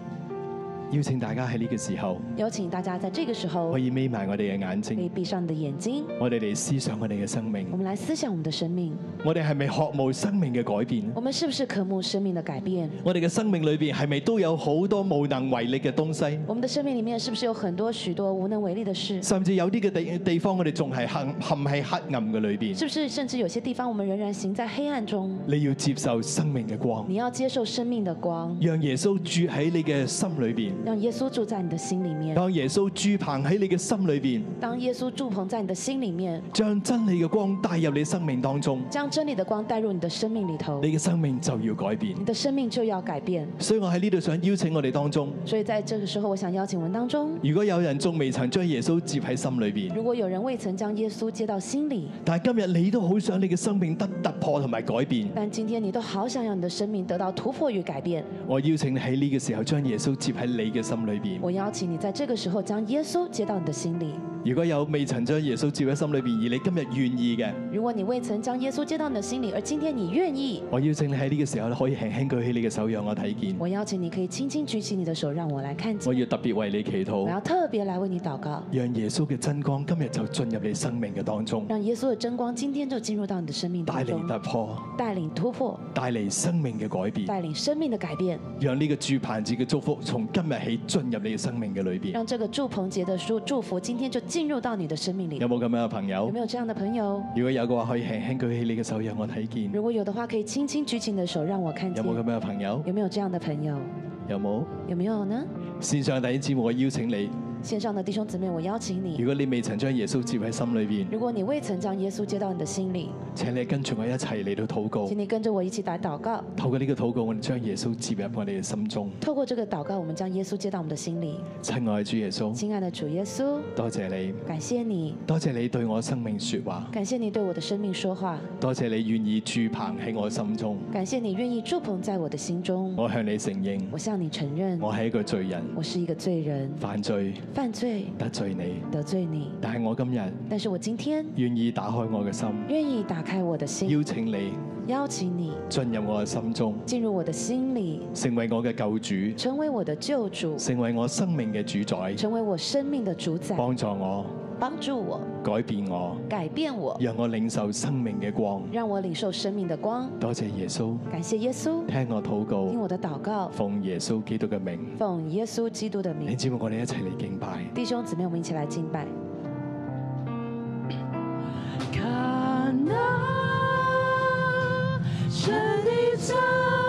邀請大家喺呢個時候，有請大家在這個時候可以眯埋我哋嘅眼睛，可以閉上你嘅眼睛，我哋嚟思想我哋嘅生命，我們來思想我們的生命，我哋係咪渴望生命嘅改變？我們是不是渴望生命的改變？我哋嘅生，生命裏邊係咪都有好多無能為力嘅東西？我們的生命裏面是不是有很多許多無能為力的事？甚至有啲嘅地地方我，我哋仲係陷陷喺黑暗嘅裏邊，是不是甚至有些地方，我們仍然行在黑暗中。你要接受生命嘅光，你要接受生命的光，的光讓耶穌住喺你嘅心裏邊。讓耶穌住在你的心裏面，當耶穌住棚喺你嘅心裏邊，當耶穌住棚在你嘅心裏面，裏面將真理嘅光帶入你生命當中，將真理的光帶入你的生命裏頭，你嘅生命就要改變，你的生命就要改變。改變，所以我喺呢度想邀請我哋當中，所以在呢個時候我想邀請我哋當中，如果有人仲未曾將耶穌接喺心裏邊，如果有人未曾將耶穌接到心裏，但今日你都好想你嘅生命得突，突破同埋改變，但今天你都好想讓你嘅生命得到突破與改變。我邀請你喺呢個時候將耶穌接喺你。你嘅心裏邊，我邀請你在這個時候將耶穌接到你的心裏。如果有未曾將耶穌接喺心裏邊，而你今日願意嘅；如果你未曾將耶穌接到你的心裏，而今天你願意，我邀請你喺呢個時候可以輕輕舉起你嘅手讓我睇見。我邀請你可以輕輕舉起你嘅手讓我來看見。我要特別為你祈禱，我要特別來為你禱告，讓耶穌嘅真光今日就進入你生命嘅當中。讓耶穌嘅真光今天就進入到你的生命的當中，帶嚟突破，帶嚟突破，帶嚟生命嘅改變，帶嚟生命的改變，讓呢個住棚子嘅祝福從今日。一起進入你嘅生命嘅裏邊，讓這個住棚節嘅祝福，今天就進入到你的生命裏。有冇咁樣嘅朋友？有沒有這樣的朋友？如果有嘅話，可以輕輕舉起你嘅手，讓我睇見。如果有嘅話，可以輕輕舉起你的手，讓我看見。有冇咁樣嘅朋友？有沒有這樣的朋友？有冇？有沒有呢？綫上第一次，我邀請你。線上嘅弟兄姊妹，我邀請你。如果你未曾將耶穌接喺心裏邊，如果你未曾將耶穌接到你的心裏，請你跟住我一齊嚟到禱告。請你跟住我一起打禱告。透過呢個禱告，我哋將耶穌接入我哋嘅心中。透過這個禱告，我哋將耶穌接到我們嘅心裏。心裏親愛的主耶穌，親愛嘅主耶穌，多謝你，感謝你，多謝你對我生命說話，感謝你對我嘅生命說話，多謝你願意觸碰喺我心中，感謝你願意觸碰在我嘅心中。我向你承認，我向你承認，我係一個罪人，我是一個罪人，罪人犯罪，犯罪得罪你，得罪你，罪你，但係我今日，但是我今天願意打開我嘅心，願意打開我嘅心，邀請你，邀請你進入我嘅心中，進入我嘅心裏，成為我嘅救主，成為我嘅救主，成為我生命嘅主宰，成為我生命嘅主宰，幫助我。幫助我，改變我，改變我，讓我領受生命嘅光，讓我領受生命的光。多謝耶穌，感謝耶穌，聽我禱告，聽我的禱告，奉耶穌基督嘅名，奉耶穌基督的名。的名你知唔知我哋一齊嚟敬拜？弟兄姊妹，我們一起來敬拜。看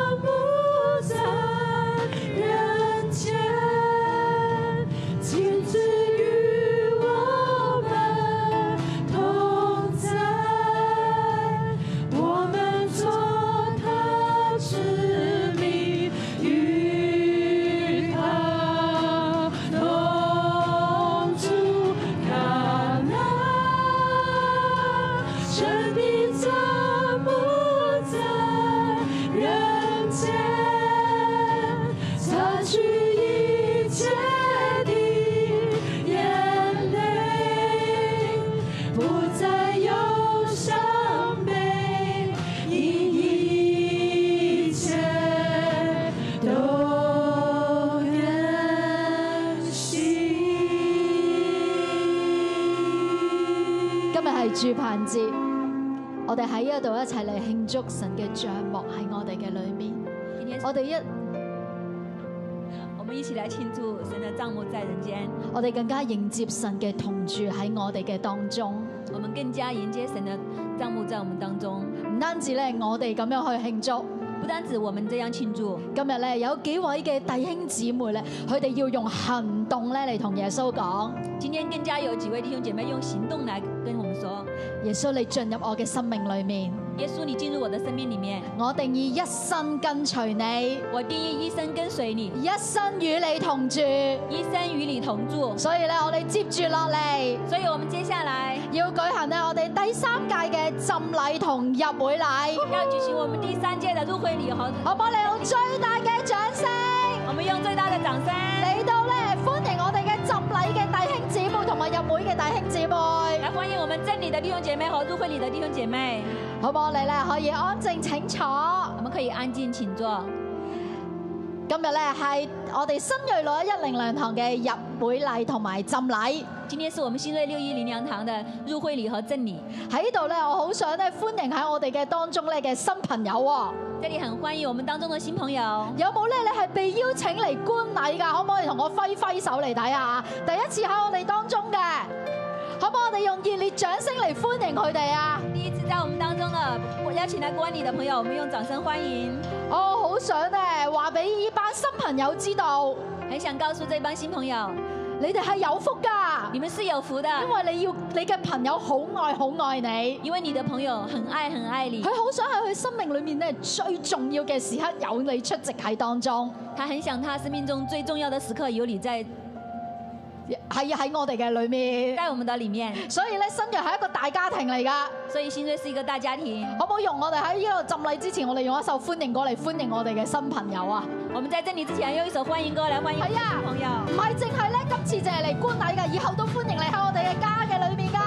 今日係住棚節，我哋喺呢一度一齊嚟慶祝神嘅帳幕喺我哋嘅裏面，我哋一。一起來慶祝神的帳幕在人間，我哋更加迎接神嘅同住喺我哋嘅當中。我們更加迎接神的帳幕在，在我們當中。唔單止呢，我哋咁樣去慶祝，不單止我們這樣慶祝。慶祝今日呢，有幾位嘅弟兄姊妹咧，佢哋要用行動咧嚟同耶穌講。今天更加有幾位弟兄姐妹用行動嚟跟我們說，耶穌你進入我嘅生命裏面。耶穌，你進入我的生命裏面。我定意一生跟隨你。我定意一生跟隨你。一生與你同住。一生與你同住。所以咧，我哋接住落嚟。所以我們接下來要舉行咧，我哋第三屆嘅浸禮同入會禮。要舉行我們第三屆的入會禮的，好，我幫你用最大嘅掌聲。我們用最大嘅掌聲嚟到咧，歡迎我哋嘅浸禮嘅弟兄姊妹。大兄我們入會的，的弟兄姐妹，來歡迎我們這裏的弟兄姐妹和入會裏的弟兄姐妹，好唔好？你哋可以安靜請坐，我們可以安靜請坐。今天呢是一一日咧係我哋新銳六一一靈糧堂嘅入會禮同埋浸禮。今天是我們新銳六一一靈糧堂的入會禮和浸禮。喺呢度咧，我好想咧歡迎喺我哋嘅當中咧嘅新朋友。這裡很歡迎我們當中嘅新朋友。有冇咧？你係被邀請嚟觀禮噶？可唔可以同我揮揮手嚟睇下？第一次喺我哋當中嘅。可唔可以我哋用熱烈掌聲嚟歡迎佢哋啊！第一次在我們當中呢，邀請來觀禮的朋友，我們用掌聲歡迎。我好想呢，話俾呢班新朋友知道，很想告訴這班新朋友，你哋係有福㗎，你們是有福的，福的因為你要，你嘅朋友好愛好愛你，因為你的朋友很愛很愛你。佢好想喺佢生命裏面呢，最重要嘅時刻有你出席喺當中。他很想他生命中最重要的時刻有你在。係喺我哋嘅裏面，喺我們嘅裏面，所以咧，新銳係一個大家庭嚟噶，所以先至是一個大家庭。可唔可以用我哋喺呢度浸禮之前，我哋用一首歡迎歌嚟歡迎我哋嘅新朋友啊？我哋即係呢度之前係用呢首歡迎歌嚟歡迎。係啊，歡迎朋友，唔係淨係咧，今次就係嚟觀禮噶，以後都歡迎嚟喺我哋嘅家嘅裏面噶。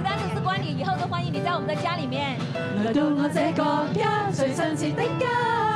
唔單止是觀禮，以後都歡迎你喺我們嘅家裏面。來到我這個家，最親切的家。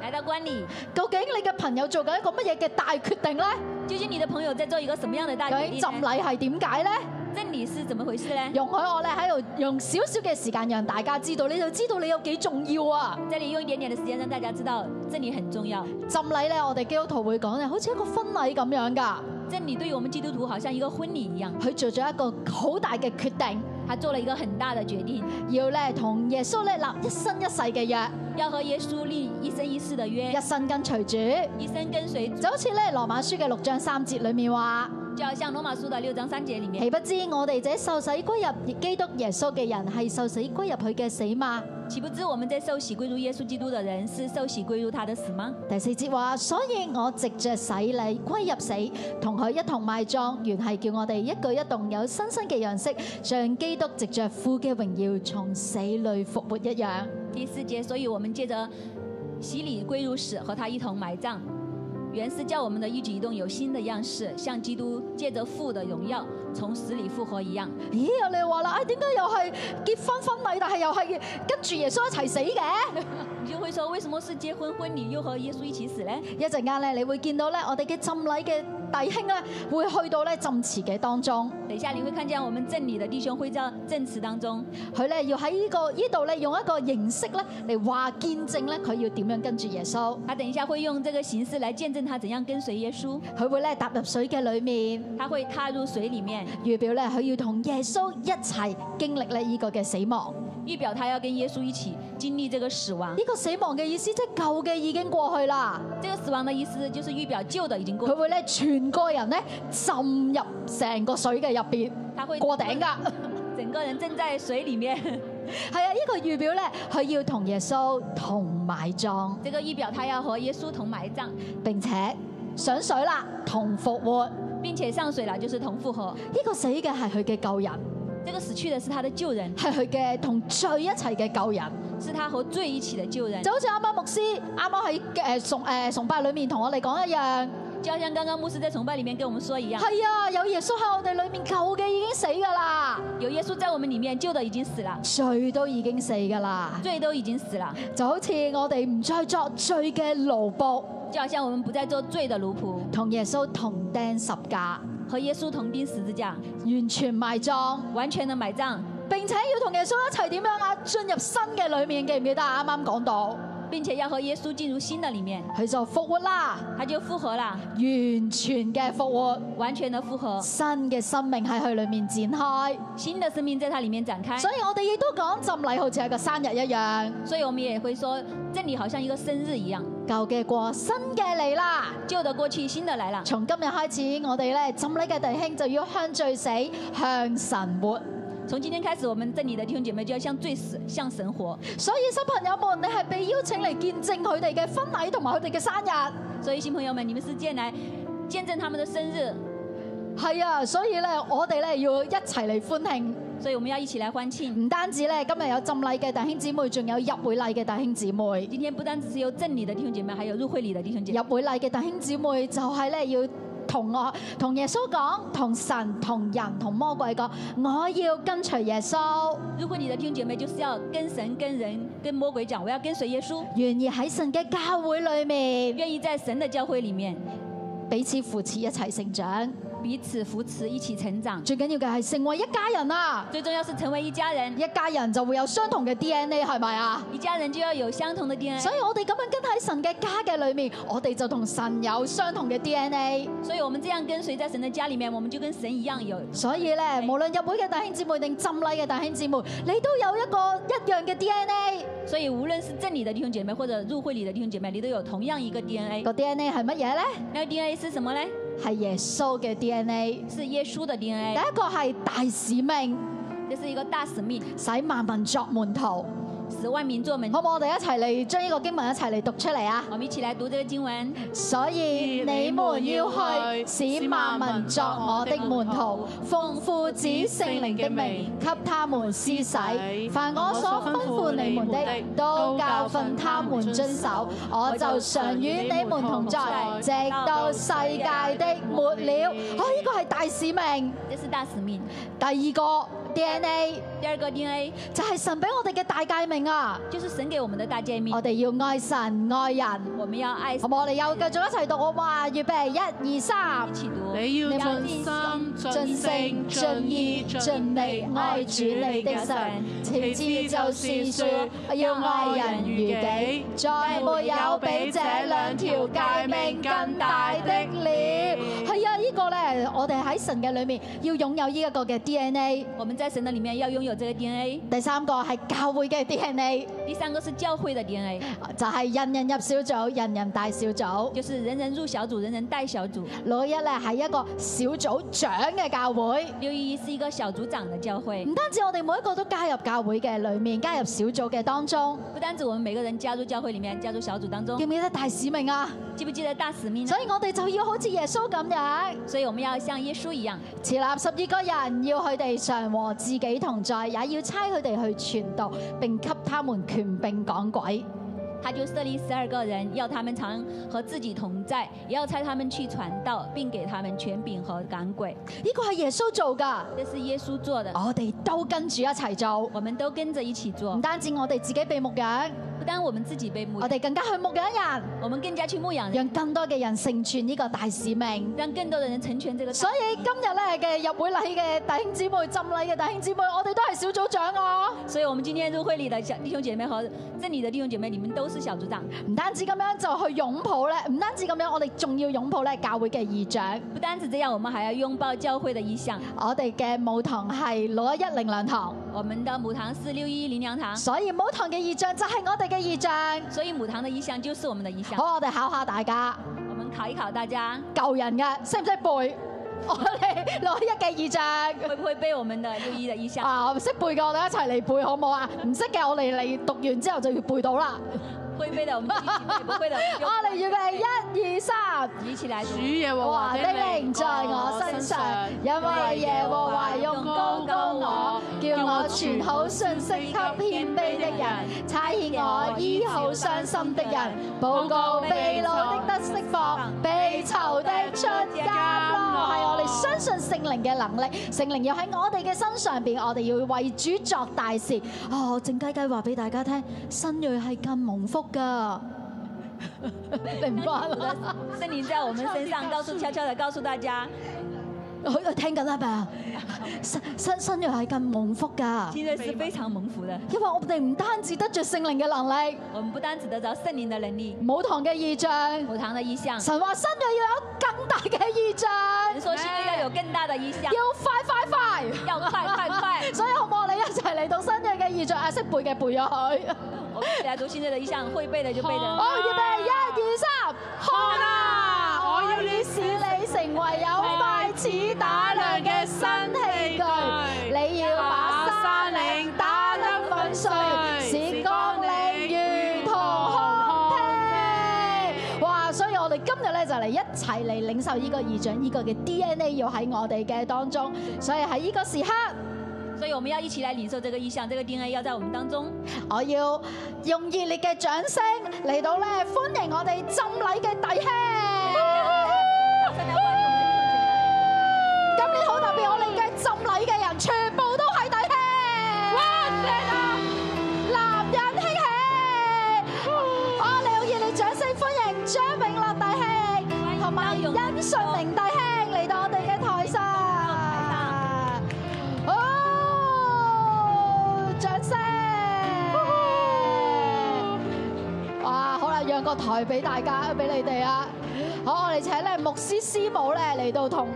來到關你，究竟你嘅朋友做緊一個乜嘢嘅大決定咧？究竟你的朋友在做一個什麼樣的大決定呢？究竟浸禮係點解咧？真你是怎麼回事咧？容許我咧喺度用少少嘅時間讓大家知道，你就知道你有幾重要啊！這裏用一點點的時間讓大家知道，真你很重要。浸禮咧，我哋基督徒會講咧，好似一個婚禮咁樣噶。這裏對於我們基督徒好像一個婚禮一樣，佢做咗一個好大嘅決定。他做了一個很大的決定，要咧同耶穌咧立一生一世嘅約，要和耶穌立一生一世的約，一生跟隨主，一生跟隨主，隨主就好似咧羅馬書嘅六章三節裏面話。就像羅馬書的六章三節裏面，豈不知我哋這受洗歸入基督耶穌嘅人，係受洗歸入佢嘅死嗎？豈不知我們這受洗歸入耶穌基督的人，是受洗歸入他的死嗎？第四節話，所以我藉着洗禮歸入死，同佢一同埋葬，原係叫我哋一舉一動有新生嘅樣式，像基督藉着父嘅榮耀從死裏復活一樣。第四節，所以我們借着洗禮歸入死，和他一同埋葬。原是叫我們的一舉一動有新的樣式，像基督借着父的榮耀從死裏復活一樣。咦，你說哎、又你話啦，啊點解又係結婚婚禮，但係又係跟住耶穌一齊死嘅？ 你就會說，為什麼是結婚婚禮又和耶穌一起死咧？一陣間咧，你會見到咧，我哋嘅浸禮嘅。弟兄咧會去到咧浸池嘅當中，等一下你會看見我們正理的弟兄會在浸池當中，佢咧要喺、這個、呢個呢度咧用一個形式咧嚟話見證咧佢要點樣跟住耶穌。他等一下會用這個形式嚟見證他怎樣跟隨耶穌。佢會咧踏入水嘅裏面，他會踏入水裏面，預表咧佢要同耶穌一齊經歷咧呢、這個嘅死亡，預表他要跟耶穌一起，經歷這個死亡，呢個死亡嘅意思即係舊嘅已經過去啦。這個死亡嘅意思，就是預表舊的已經過去了。佢會咧，全個人咧浸入成個水嘅入邊，他會過頂噶，整個人浸在水裏面。係啊，呢個預表咧，佢要同耶穌同埋葬。呢個預表，他要和耶穌同埋葬，埋葬並且上水啦，同復活，並且上水啦，就是同復活。呢個死嘅係佢嘅舊人。這個死去的是他的舊人，係佢嘅同罪一齊嘅舊人，是他和罪一起的舊人。就好似 Adino 牧師剛剛，阿伯喺誒崇誒、呃、崇拜裏面同我哋講一樣，就好像剛剛牧師在崇拜裏面跟我們說一樣，係啊，有耶穌喺我哋裏面舊嘅已經死噶啦，有耶穌在我們裏面舊的已經死了，罪都已經死噶啦，罪都已經死了，就好似我哋唔再作罪嘅奴僕，就好像我們不再做罪的奴僕，同耶穌同釘十架。和耶穌同釘十字架，完全埋葬，完全的埋葬，並且要同耶穌一齊點樣啊？進入新嘅裡面，記唔記得啊？啱啱講到。並且要和耶穌進入新的裡面，佢就復活啦，他就復活啦，復活，完全嘅復活，完全嘅復活。新嘅生命喺佢裏面展開，新的生命在佢裏面展開。所以我哋亦都講浸禮好似係個生日一樣，所以我們也會說，浸禮好像一個生日一樣，舊嘅過，新嘅嚟啦，舊的過去，新嘅嚟啦。從今日開始，我哋呢浸禮嘅弟兄就要向罪死，向神活。從今天開始，我們浸禮的弟兄姐妹就要向罪死、向神活。所以新朋友們，你係被邀請嚟見證佢哋嘅婚禮同埋佢哋嘅生日。所以新朋友們，你們是嚟見，見證他們嘅生日。係啊，所以呢，我哋呢要一齊嚟歡慶，所以我們要一起來歡慶。唔單止呢，今日有浸禮嘅弟兄姊妹，仲有入會禮嘅弟兄姊妹。今天不單只是有浸禮的弟兄姐妹，還有入會禮嘅弟兄姐妹。入會禮嘅弟兄姊妹就係咧要。同我同耶穌講，同神同人同魔鬼講，我要跟隨耶穌。如果你的弟兄姐妹就是要跟神、跟人、跟魔鬼講，我要跟隨耶穌。願意喺神嘅教會裏面，願意在神嘅教會裏面彼此扶持，一齊成長。彼此扶持，一起成長。最緊要嘅係成為一家人啦，啊！最重要是成為一家人，一家人就會有相同嘅 DNA，係咪啊？一家人就要有相同的 DNA。所以我哋咁樣跟喺神嘅家嘅裏面，我哋就同神有相同嘅 DNA。所以我們這樣跟隨在神嘅家裏面，我們就跟神一樣有樣。所以咧，無論入會嘅弟兄姊妹定浸禮嘅弟兄姊妹，你都有一個一樣嘅 DNA。所以無論是真理嘅弟兄姐妹或者入會裏嘅弟兄姐妹，你都有同樣一個 DNA。個 DNA 係乜嘢咧？DNA 是什麼咧？是耶穌嘅 DNA，是耶穌的 DNA。的第一個是大使命，這是一個大使命，使萬民作門徒。使萬民作民，好我哋一齊嚟將呢個經文一齊嚟讀出嚟啊！我們一起來讀呢個經文。所以你們要去使萬民作我的門徒，奉父子聖靈的名給他們施洗。凡我所吩咐你們的，都教訓他們遵守。我就常與你們同在，直到世界的末了。啊！呢個係大使命。這是大使命。第二個 DNA。第二個 DNA 就係神俾我哋嘅大誡命啊！就是神給我們的大誡命。我哋要愛神愛人。我們要愛。好，我哋又繼續一齊讀。我話預備一二三。你要盡心盡性盡意盡力愛主你的神。其次就是說要愛人如己。再沒有比這兩條誡命更大的了。係啊，呢個咧，我哋喺神嘅裏面要擁有呢一個嘅 DNA。我們喺神嘅裏面要擁有。第三個係教會嘅 DNA，第三個是教會嘅 DNA，就係人人入小組，人人帶小組，就是人人入小組，人人帶小組。六一咧係一個小組長嘅教會，六一是一個小組長嘅教會。唔單止我哋每一個都加入教會嘅裏面，加入小組嘅當中，不單止我們每個人加入教會裏面，加入小組當中。記唔記得大使命啊？記唔記得大使命啊？所以我哋就要好似耶穌咁樣，所以我們要像耶穌一樣，設立十二個人，要他們常和自己同在。也要差佢哋去傳道，並給他們權柄講鬼。他就設立十二個人，要他們常和自己同在，也要差他們去傳道，並給他們權柄和趕鬼。呢個係耶穌做㗎，這是耶穌做的。我哋都跟住一齊做，我們都跟着一起做。唔單止我哋自己被牧養，不單我們自己被牧養，我哋更加去牧養人，我們更加去牧養人，更牧養人，讓更多嘅人成全呢個大使命，嗯、讓更多嘅人成全呢個。所以今日咧嘅入會禮嘅弟兄姊妹、浸禮嘅弟兄姊妹，我哋都係小組長哦。所以，我們今天入會禮的弟兄姐妹和這裏的弟兄姐妹，你們都。是小組長，唔單止咁樣，就去擁抱咧，唔單止咁樣，我哋仲要擁抱咧教會嘅異象。唔單止這樣，我們還要擁抱教會嘅異象。我哋嘅母堂係六一一靈糧堂，我們的母堂是六一一靈糧堂，所以母堂嘅異象就係我哋嘅異象。所以母堂嘅異象就是我們嘅異象。好，我哋考下大家，我們考一考大家，救人嘅識唔識背？我哋六一一嘅異象，會唔會背我們的六一一嘅異象？啊，識背嘅，我哋一齊嚟背，好唔好啊？唔識嘅，我哋嚟讀完之後就要背到啦。卑微的，我唔知之前冇背到。我哋預備一二三，主耶和華的靈在我身上，因為耶和華用膏膏我，叫我傳好信息給謙卑的人，差遣我醫好傷心的人，報告被擄的得釋放，被囚的出監牢。係我哋相信聖靈嘅能力，聖靈要喺我哋嘅身上邊，我哋要為主作大事。啊，我靜雞雞話俾大家聽，新銳係咁蒙福。噶，唔怕啦！聖靈在我們身上告，告訴悄悄地告訴大家，我聽緊啦吧，新新新約係咁蒙福噶，現在是非常蒙福的，因為我哋唔單止得着聖靈嘅能力，我們不單止得着聖靈的能力，母堂嘅異象，母堂的異象，神話新約要有更大嘅異象，神說新約要有更大的異象，嗯、異象要快快快，又快快快， 所以好唔好？我哋一齊嚟到新約嘅異象，阿叔背嘅背咗佢。大家都新銳，的異象會背的就背的備。哦，預備一二，三，好啦，我要你使你成為有快齒打糧嘅新器具，你要把山嶺打得粉碎，使岡陵如同糠秕。哇！所以我哋今日咧就嚟一齊嚟領受呢個異象，呢個嘅 DNA 要喺我哋嘅當中，所以喺呢個時刻。所以我們要一起來領受這個異象，這個 DNA 要在我們當中。我要用熱烈嘅掌聲嚟到咧，歡迎我哋浸禮嘅弟兄。今年好特別，我哋嘅浸禮嘅人全部都係弟兄。哇！正啊，男人興起。好，我哋用熱烈掌聲歡迎張永樂弟兄，同埋殷順明弟兄。個台俾大家，俾你哋啊！好，我哋請咧牧師師母咧嚟到同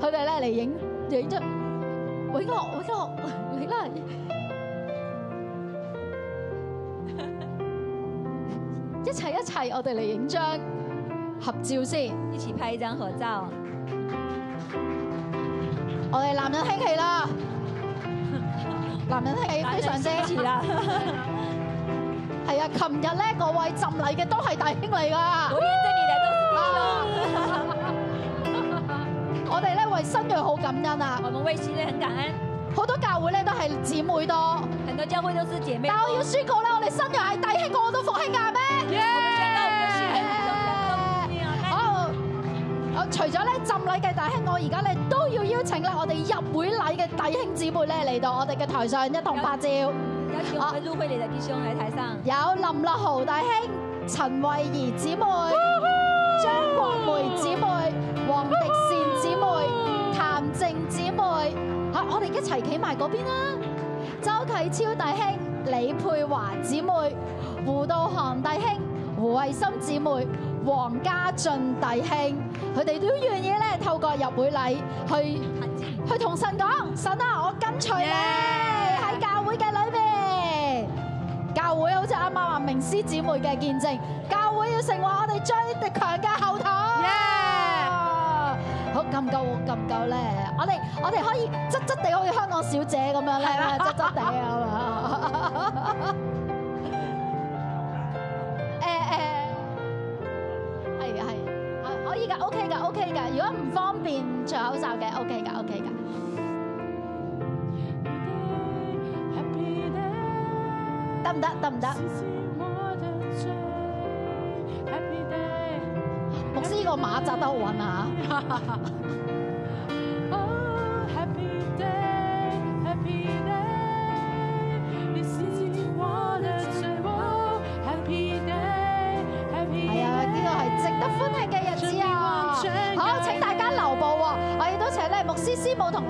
佢哋咧嚟影影張。偉哥，偉哥，嚟一齊一齊，我哋嚟影張合照先。一起拍一張合照。我哋男人興起啦！男人係非常之。 係啊，琴日咧各位浸禮嘅都係弟兄嚟㗎。我哋咧為新銳好感恩啊。我們為新約很感恩。好多教會咧都係姊妹多。很多教會都是姐妹。但我要宣告咧，我哋新銳係弟兄個都復興㗎咩？好，除咗咧浸禮嘅弟兄，我而家咧都要邀請咧我哋入會禮嘅弟兄姊妹咧嚟到我哋嘅台上一同拍照。有林立豪弟兄、陳慧怡姊妹、張國梅姊妹、黃迪善姊妹、譚靜姊妹，吓我哋一齊企埋嗰邊啦！周啟超弟兄、李佩華姊妹、胡道行弟兄、胡慧心姊妹。王家俊弟兄，佢哋都願意咧，透過入會禮去去同神講，神啊，我跟隨咧喺教會嘅裏面。教會好似啱啱話明師姊妹嘅見證，教會要成為我哋最強嘅後台。好咁夠咁夠咧，我哋我哋可以質質地好似香港小姐咁樣咧，質質地啊嘛。O K 噶，O K 噶，如果唔方便除口罩嘅，O K 噶，O K 噶，得唔得？得唔得？牧師呢個馬紮得好穩啊！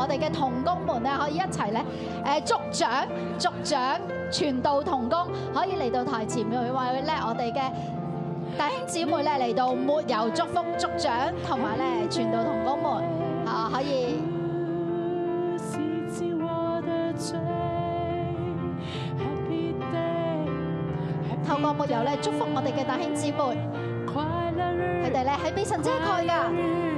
我哋嘅同工們咧，可以一齊咧，誒，祝獎祝獎，傳道同工可以嚟到台前面，同埋咧，我哋嘅弟兄姊妹咧嚟到抹油祝福，祝獎同埋咧，傳道同工們啊，可以透過抹油咧祝福我哋嘅弟兄姊妹，佢哋咧係被神遮蓋噶。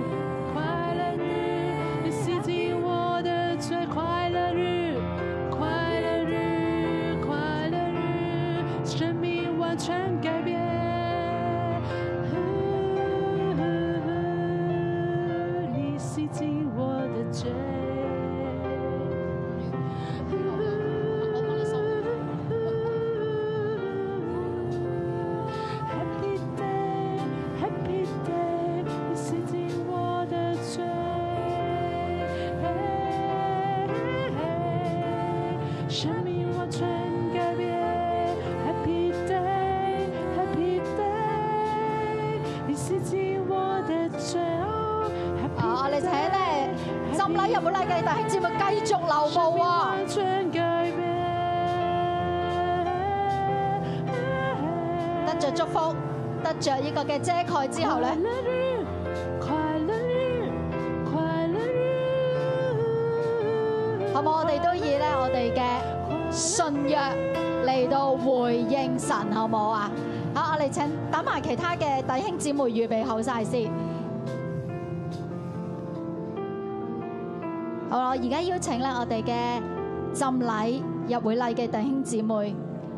啊！我哋請咧，浸禮又冇禮嘅弟兄姊妹繼續留步啊！得着祝福，得着呢個嘅遮蓋之後咧。信約嚟到回應神，好唔好啊？好，我哋請等埋其他嘅弟兄姊妹預備好晒先。好啦，而家邀請咧，我哋嘅浸禮入會禮嘅弟兄姊妹，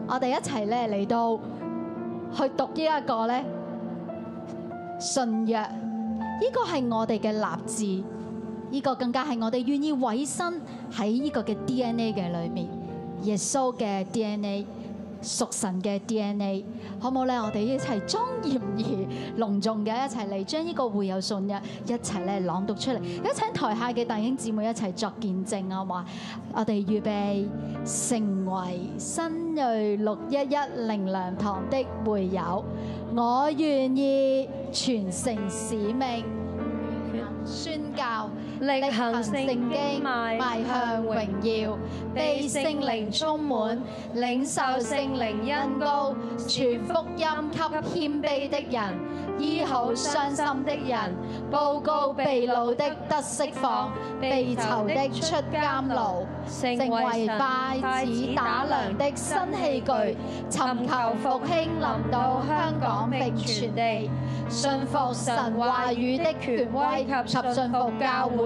我哋一齊咧嚟到去讀呢一個咧信約。呢個係我哋嘅立志，呢個更加係我哋願意委身喺呢個嘅 DNA 嘅裏面。耶穌嘅 DNA，屬神嘅 DNA，好唔好咧？我哋一齊莊嚴而隆重嘅一齊嚟將呢個會友信息一齊嚟朗讀出嚟，有請台下嘅弟兄姊妹一齊作見證啊！話我哋預備成為新銳六一一靈糧堂的會友，我願意傳承使命宣教，力行聖經，邁向榮耀，被聖靈充滿，領受聖靈恩膏，傳福音給謙卑的人，醫好傷心的人，報告被擄的得釋放，被囚的出監牢，成為拜子打糧的新器具，尋求復興臨到香港並全地，信服神話語的權威及信服教會。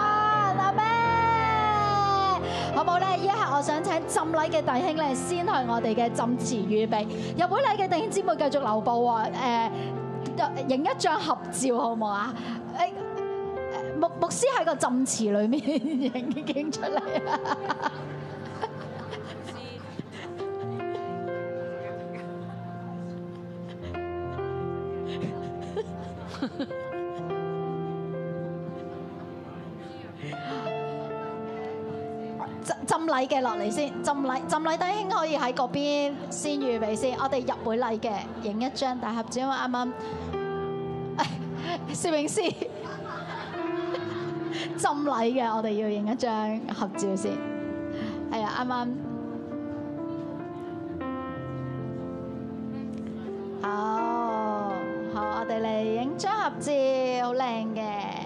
好冇咧？依一刻我想請浸禮嘅弟兄咧，先去我哋嘅浸池預備。入會禮嘅弟兄姊妹繼續留步喎。誒、呃，影一張合照好冇啊？欸！牧牧師喺個浸池裏面影景出嚟啊！浸禮嘅落嚟先，浸禮浸禮，弟兄可以喺嗰邊先預備先。我哋入會禮嘅，影一張大合照啊。啱啱，攝影師，浸禮嘅，我哋要影一張合照先。係啊，啱啱，好，好，我哋嚟影張合照，好靚嘅。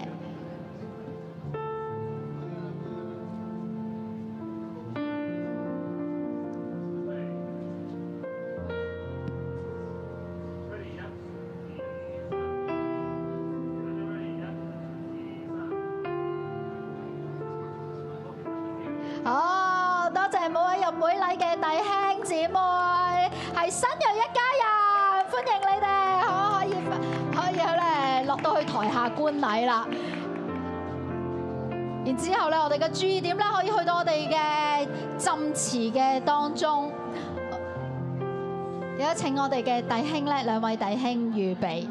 婚禮啦，然之後咧，我哋嘅注意點咧，可以去到我哋嘅浸池嘅當中，而家請我哋嘅弟兄咧，兩位弟兄預備。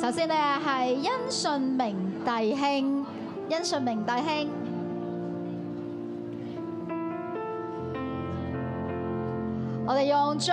首先呢，係殷順明弟兄，殷順明弟兄，我哋用最。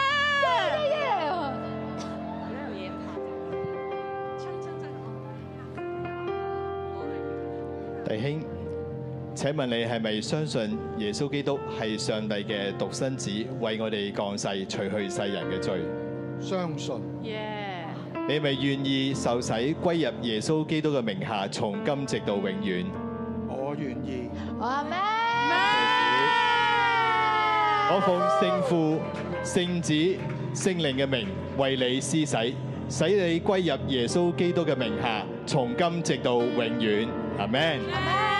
請問你係咪相信耶穌基督係上帝嘅獨生子，為我哋降世，除去世人嘅罪？相信，耶。你咪願意受洗歸入耶穌基督嘅名下，從今直到永遠？我願意。阿門。我奉聖父、聖子、聖靈嘅名，為你施洗，使你歸入耶穌基督嘅名下，從今直到永遠。阿門。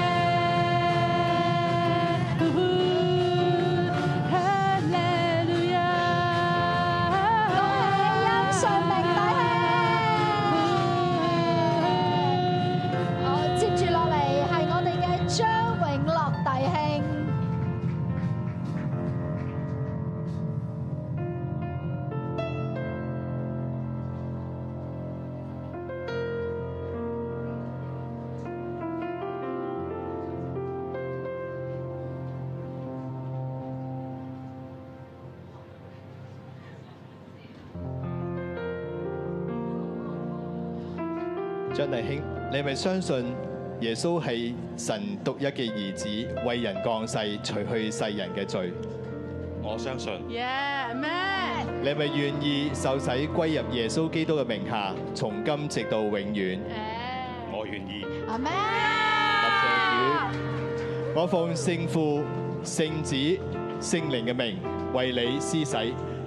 張麗卿，你係咪相信耶穌係神獨一嘅兒子，為人降世，除去世人嘅罪？我相信。耶，阿們。你係咪願意受洗歸入耶穌基督嘅名下，從今直到永遠？我願意。阿們。感謝主。我奉聖父、聖子、聖靈嘅名，為你施洗。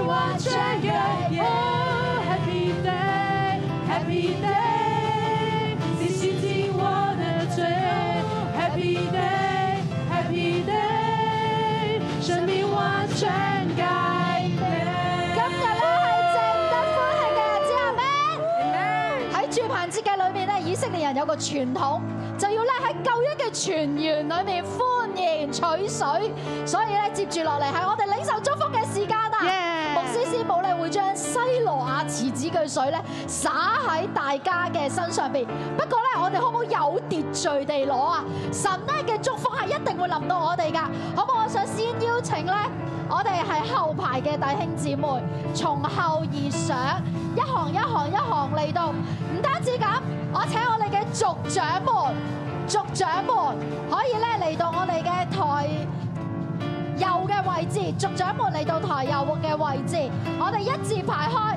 完全改變。Happy day, happy day。你洗淨我的罪 Happy day, happy day。生命完全改變。今日係值得歡喜嘅日子，係咪？係。喺住棚節嘅裏面咧，以色列人有個傳統，就要咧喺舊約嘅泉源裏面歡迎取水。所以咧，接住落嚟係我哋領受祝福。水呢灑，喺大家嘅身上邊，不過咧，我哋可唔可以有秩序地攞啊！神呢嘅祝福係一定會臨到我哋噶，好唔好？我想先邀請呢，我哋係後排嘅弟兄姊妹從後而上一行、一行、一行嚟到，唔單止咁，我請我哋嘅族長們，族長們可以咧嚟到我哋嘅台右嘅位置，族長們嚟到台右嘅位置，我哋一字排開。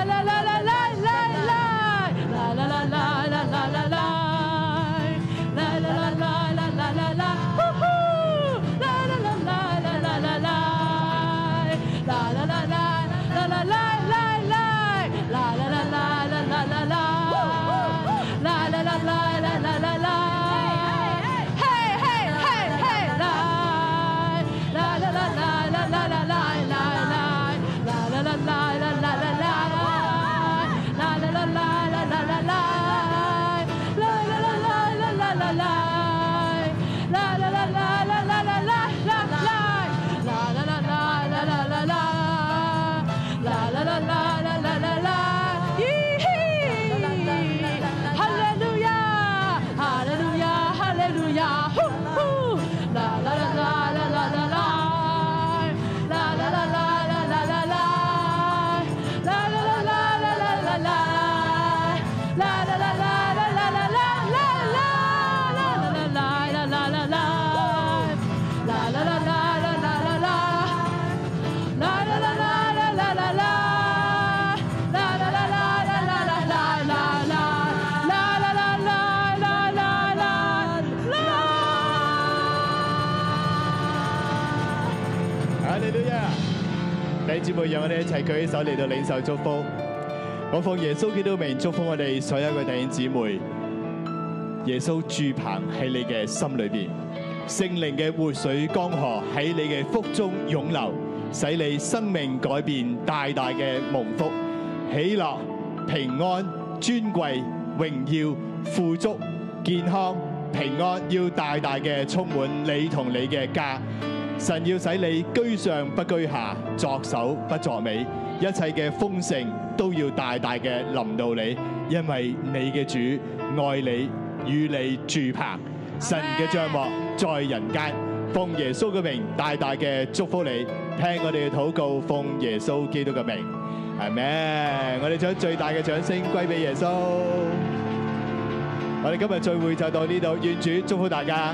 讓我哋一齊舉起手嚟，到領受祝福。我奉耶穌基督名祝福我哋所有嘅弟兄姊妹。耶穌住棚喺你嘅心裏邊，聖靈嘅活水江河喺你嘅腹中湧流，使你生命改變，大大嘅蒙福，喜樂、平安、尊貴、榮耀、富足、健康、平安，要大大嘅充滿你同你嘅家。神要使你居上不居下，作首不作尾，一切嘅豐盛都要大大嘅臨到你，因為你嘅主愛你與你住棚。神嘅帳幕在人間，奉耶穌嘅名大大嘅祝福你，聽我哋嘅禱告，奉耶穌基督嘅名，阿門。我哋將最大嘅掌聲歸俾耶穌。我哋今日聚會就到呢度，願主祝福大家。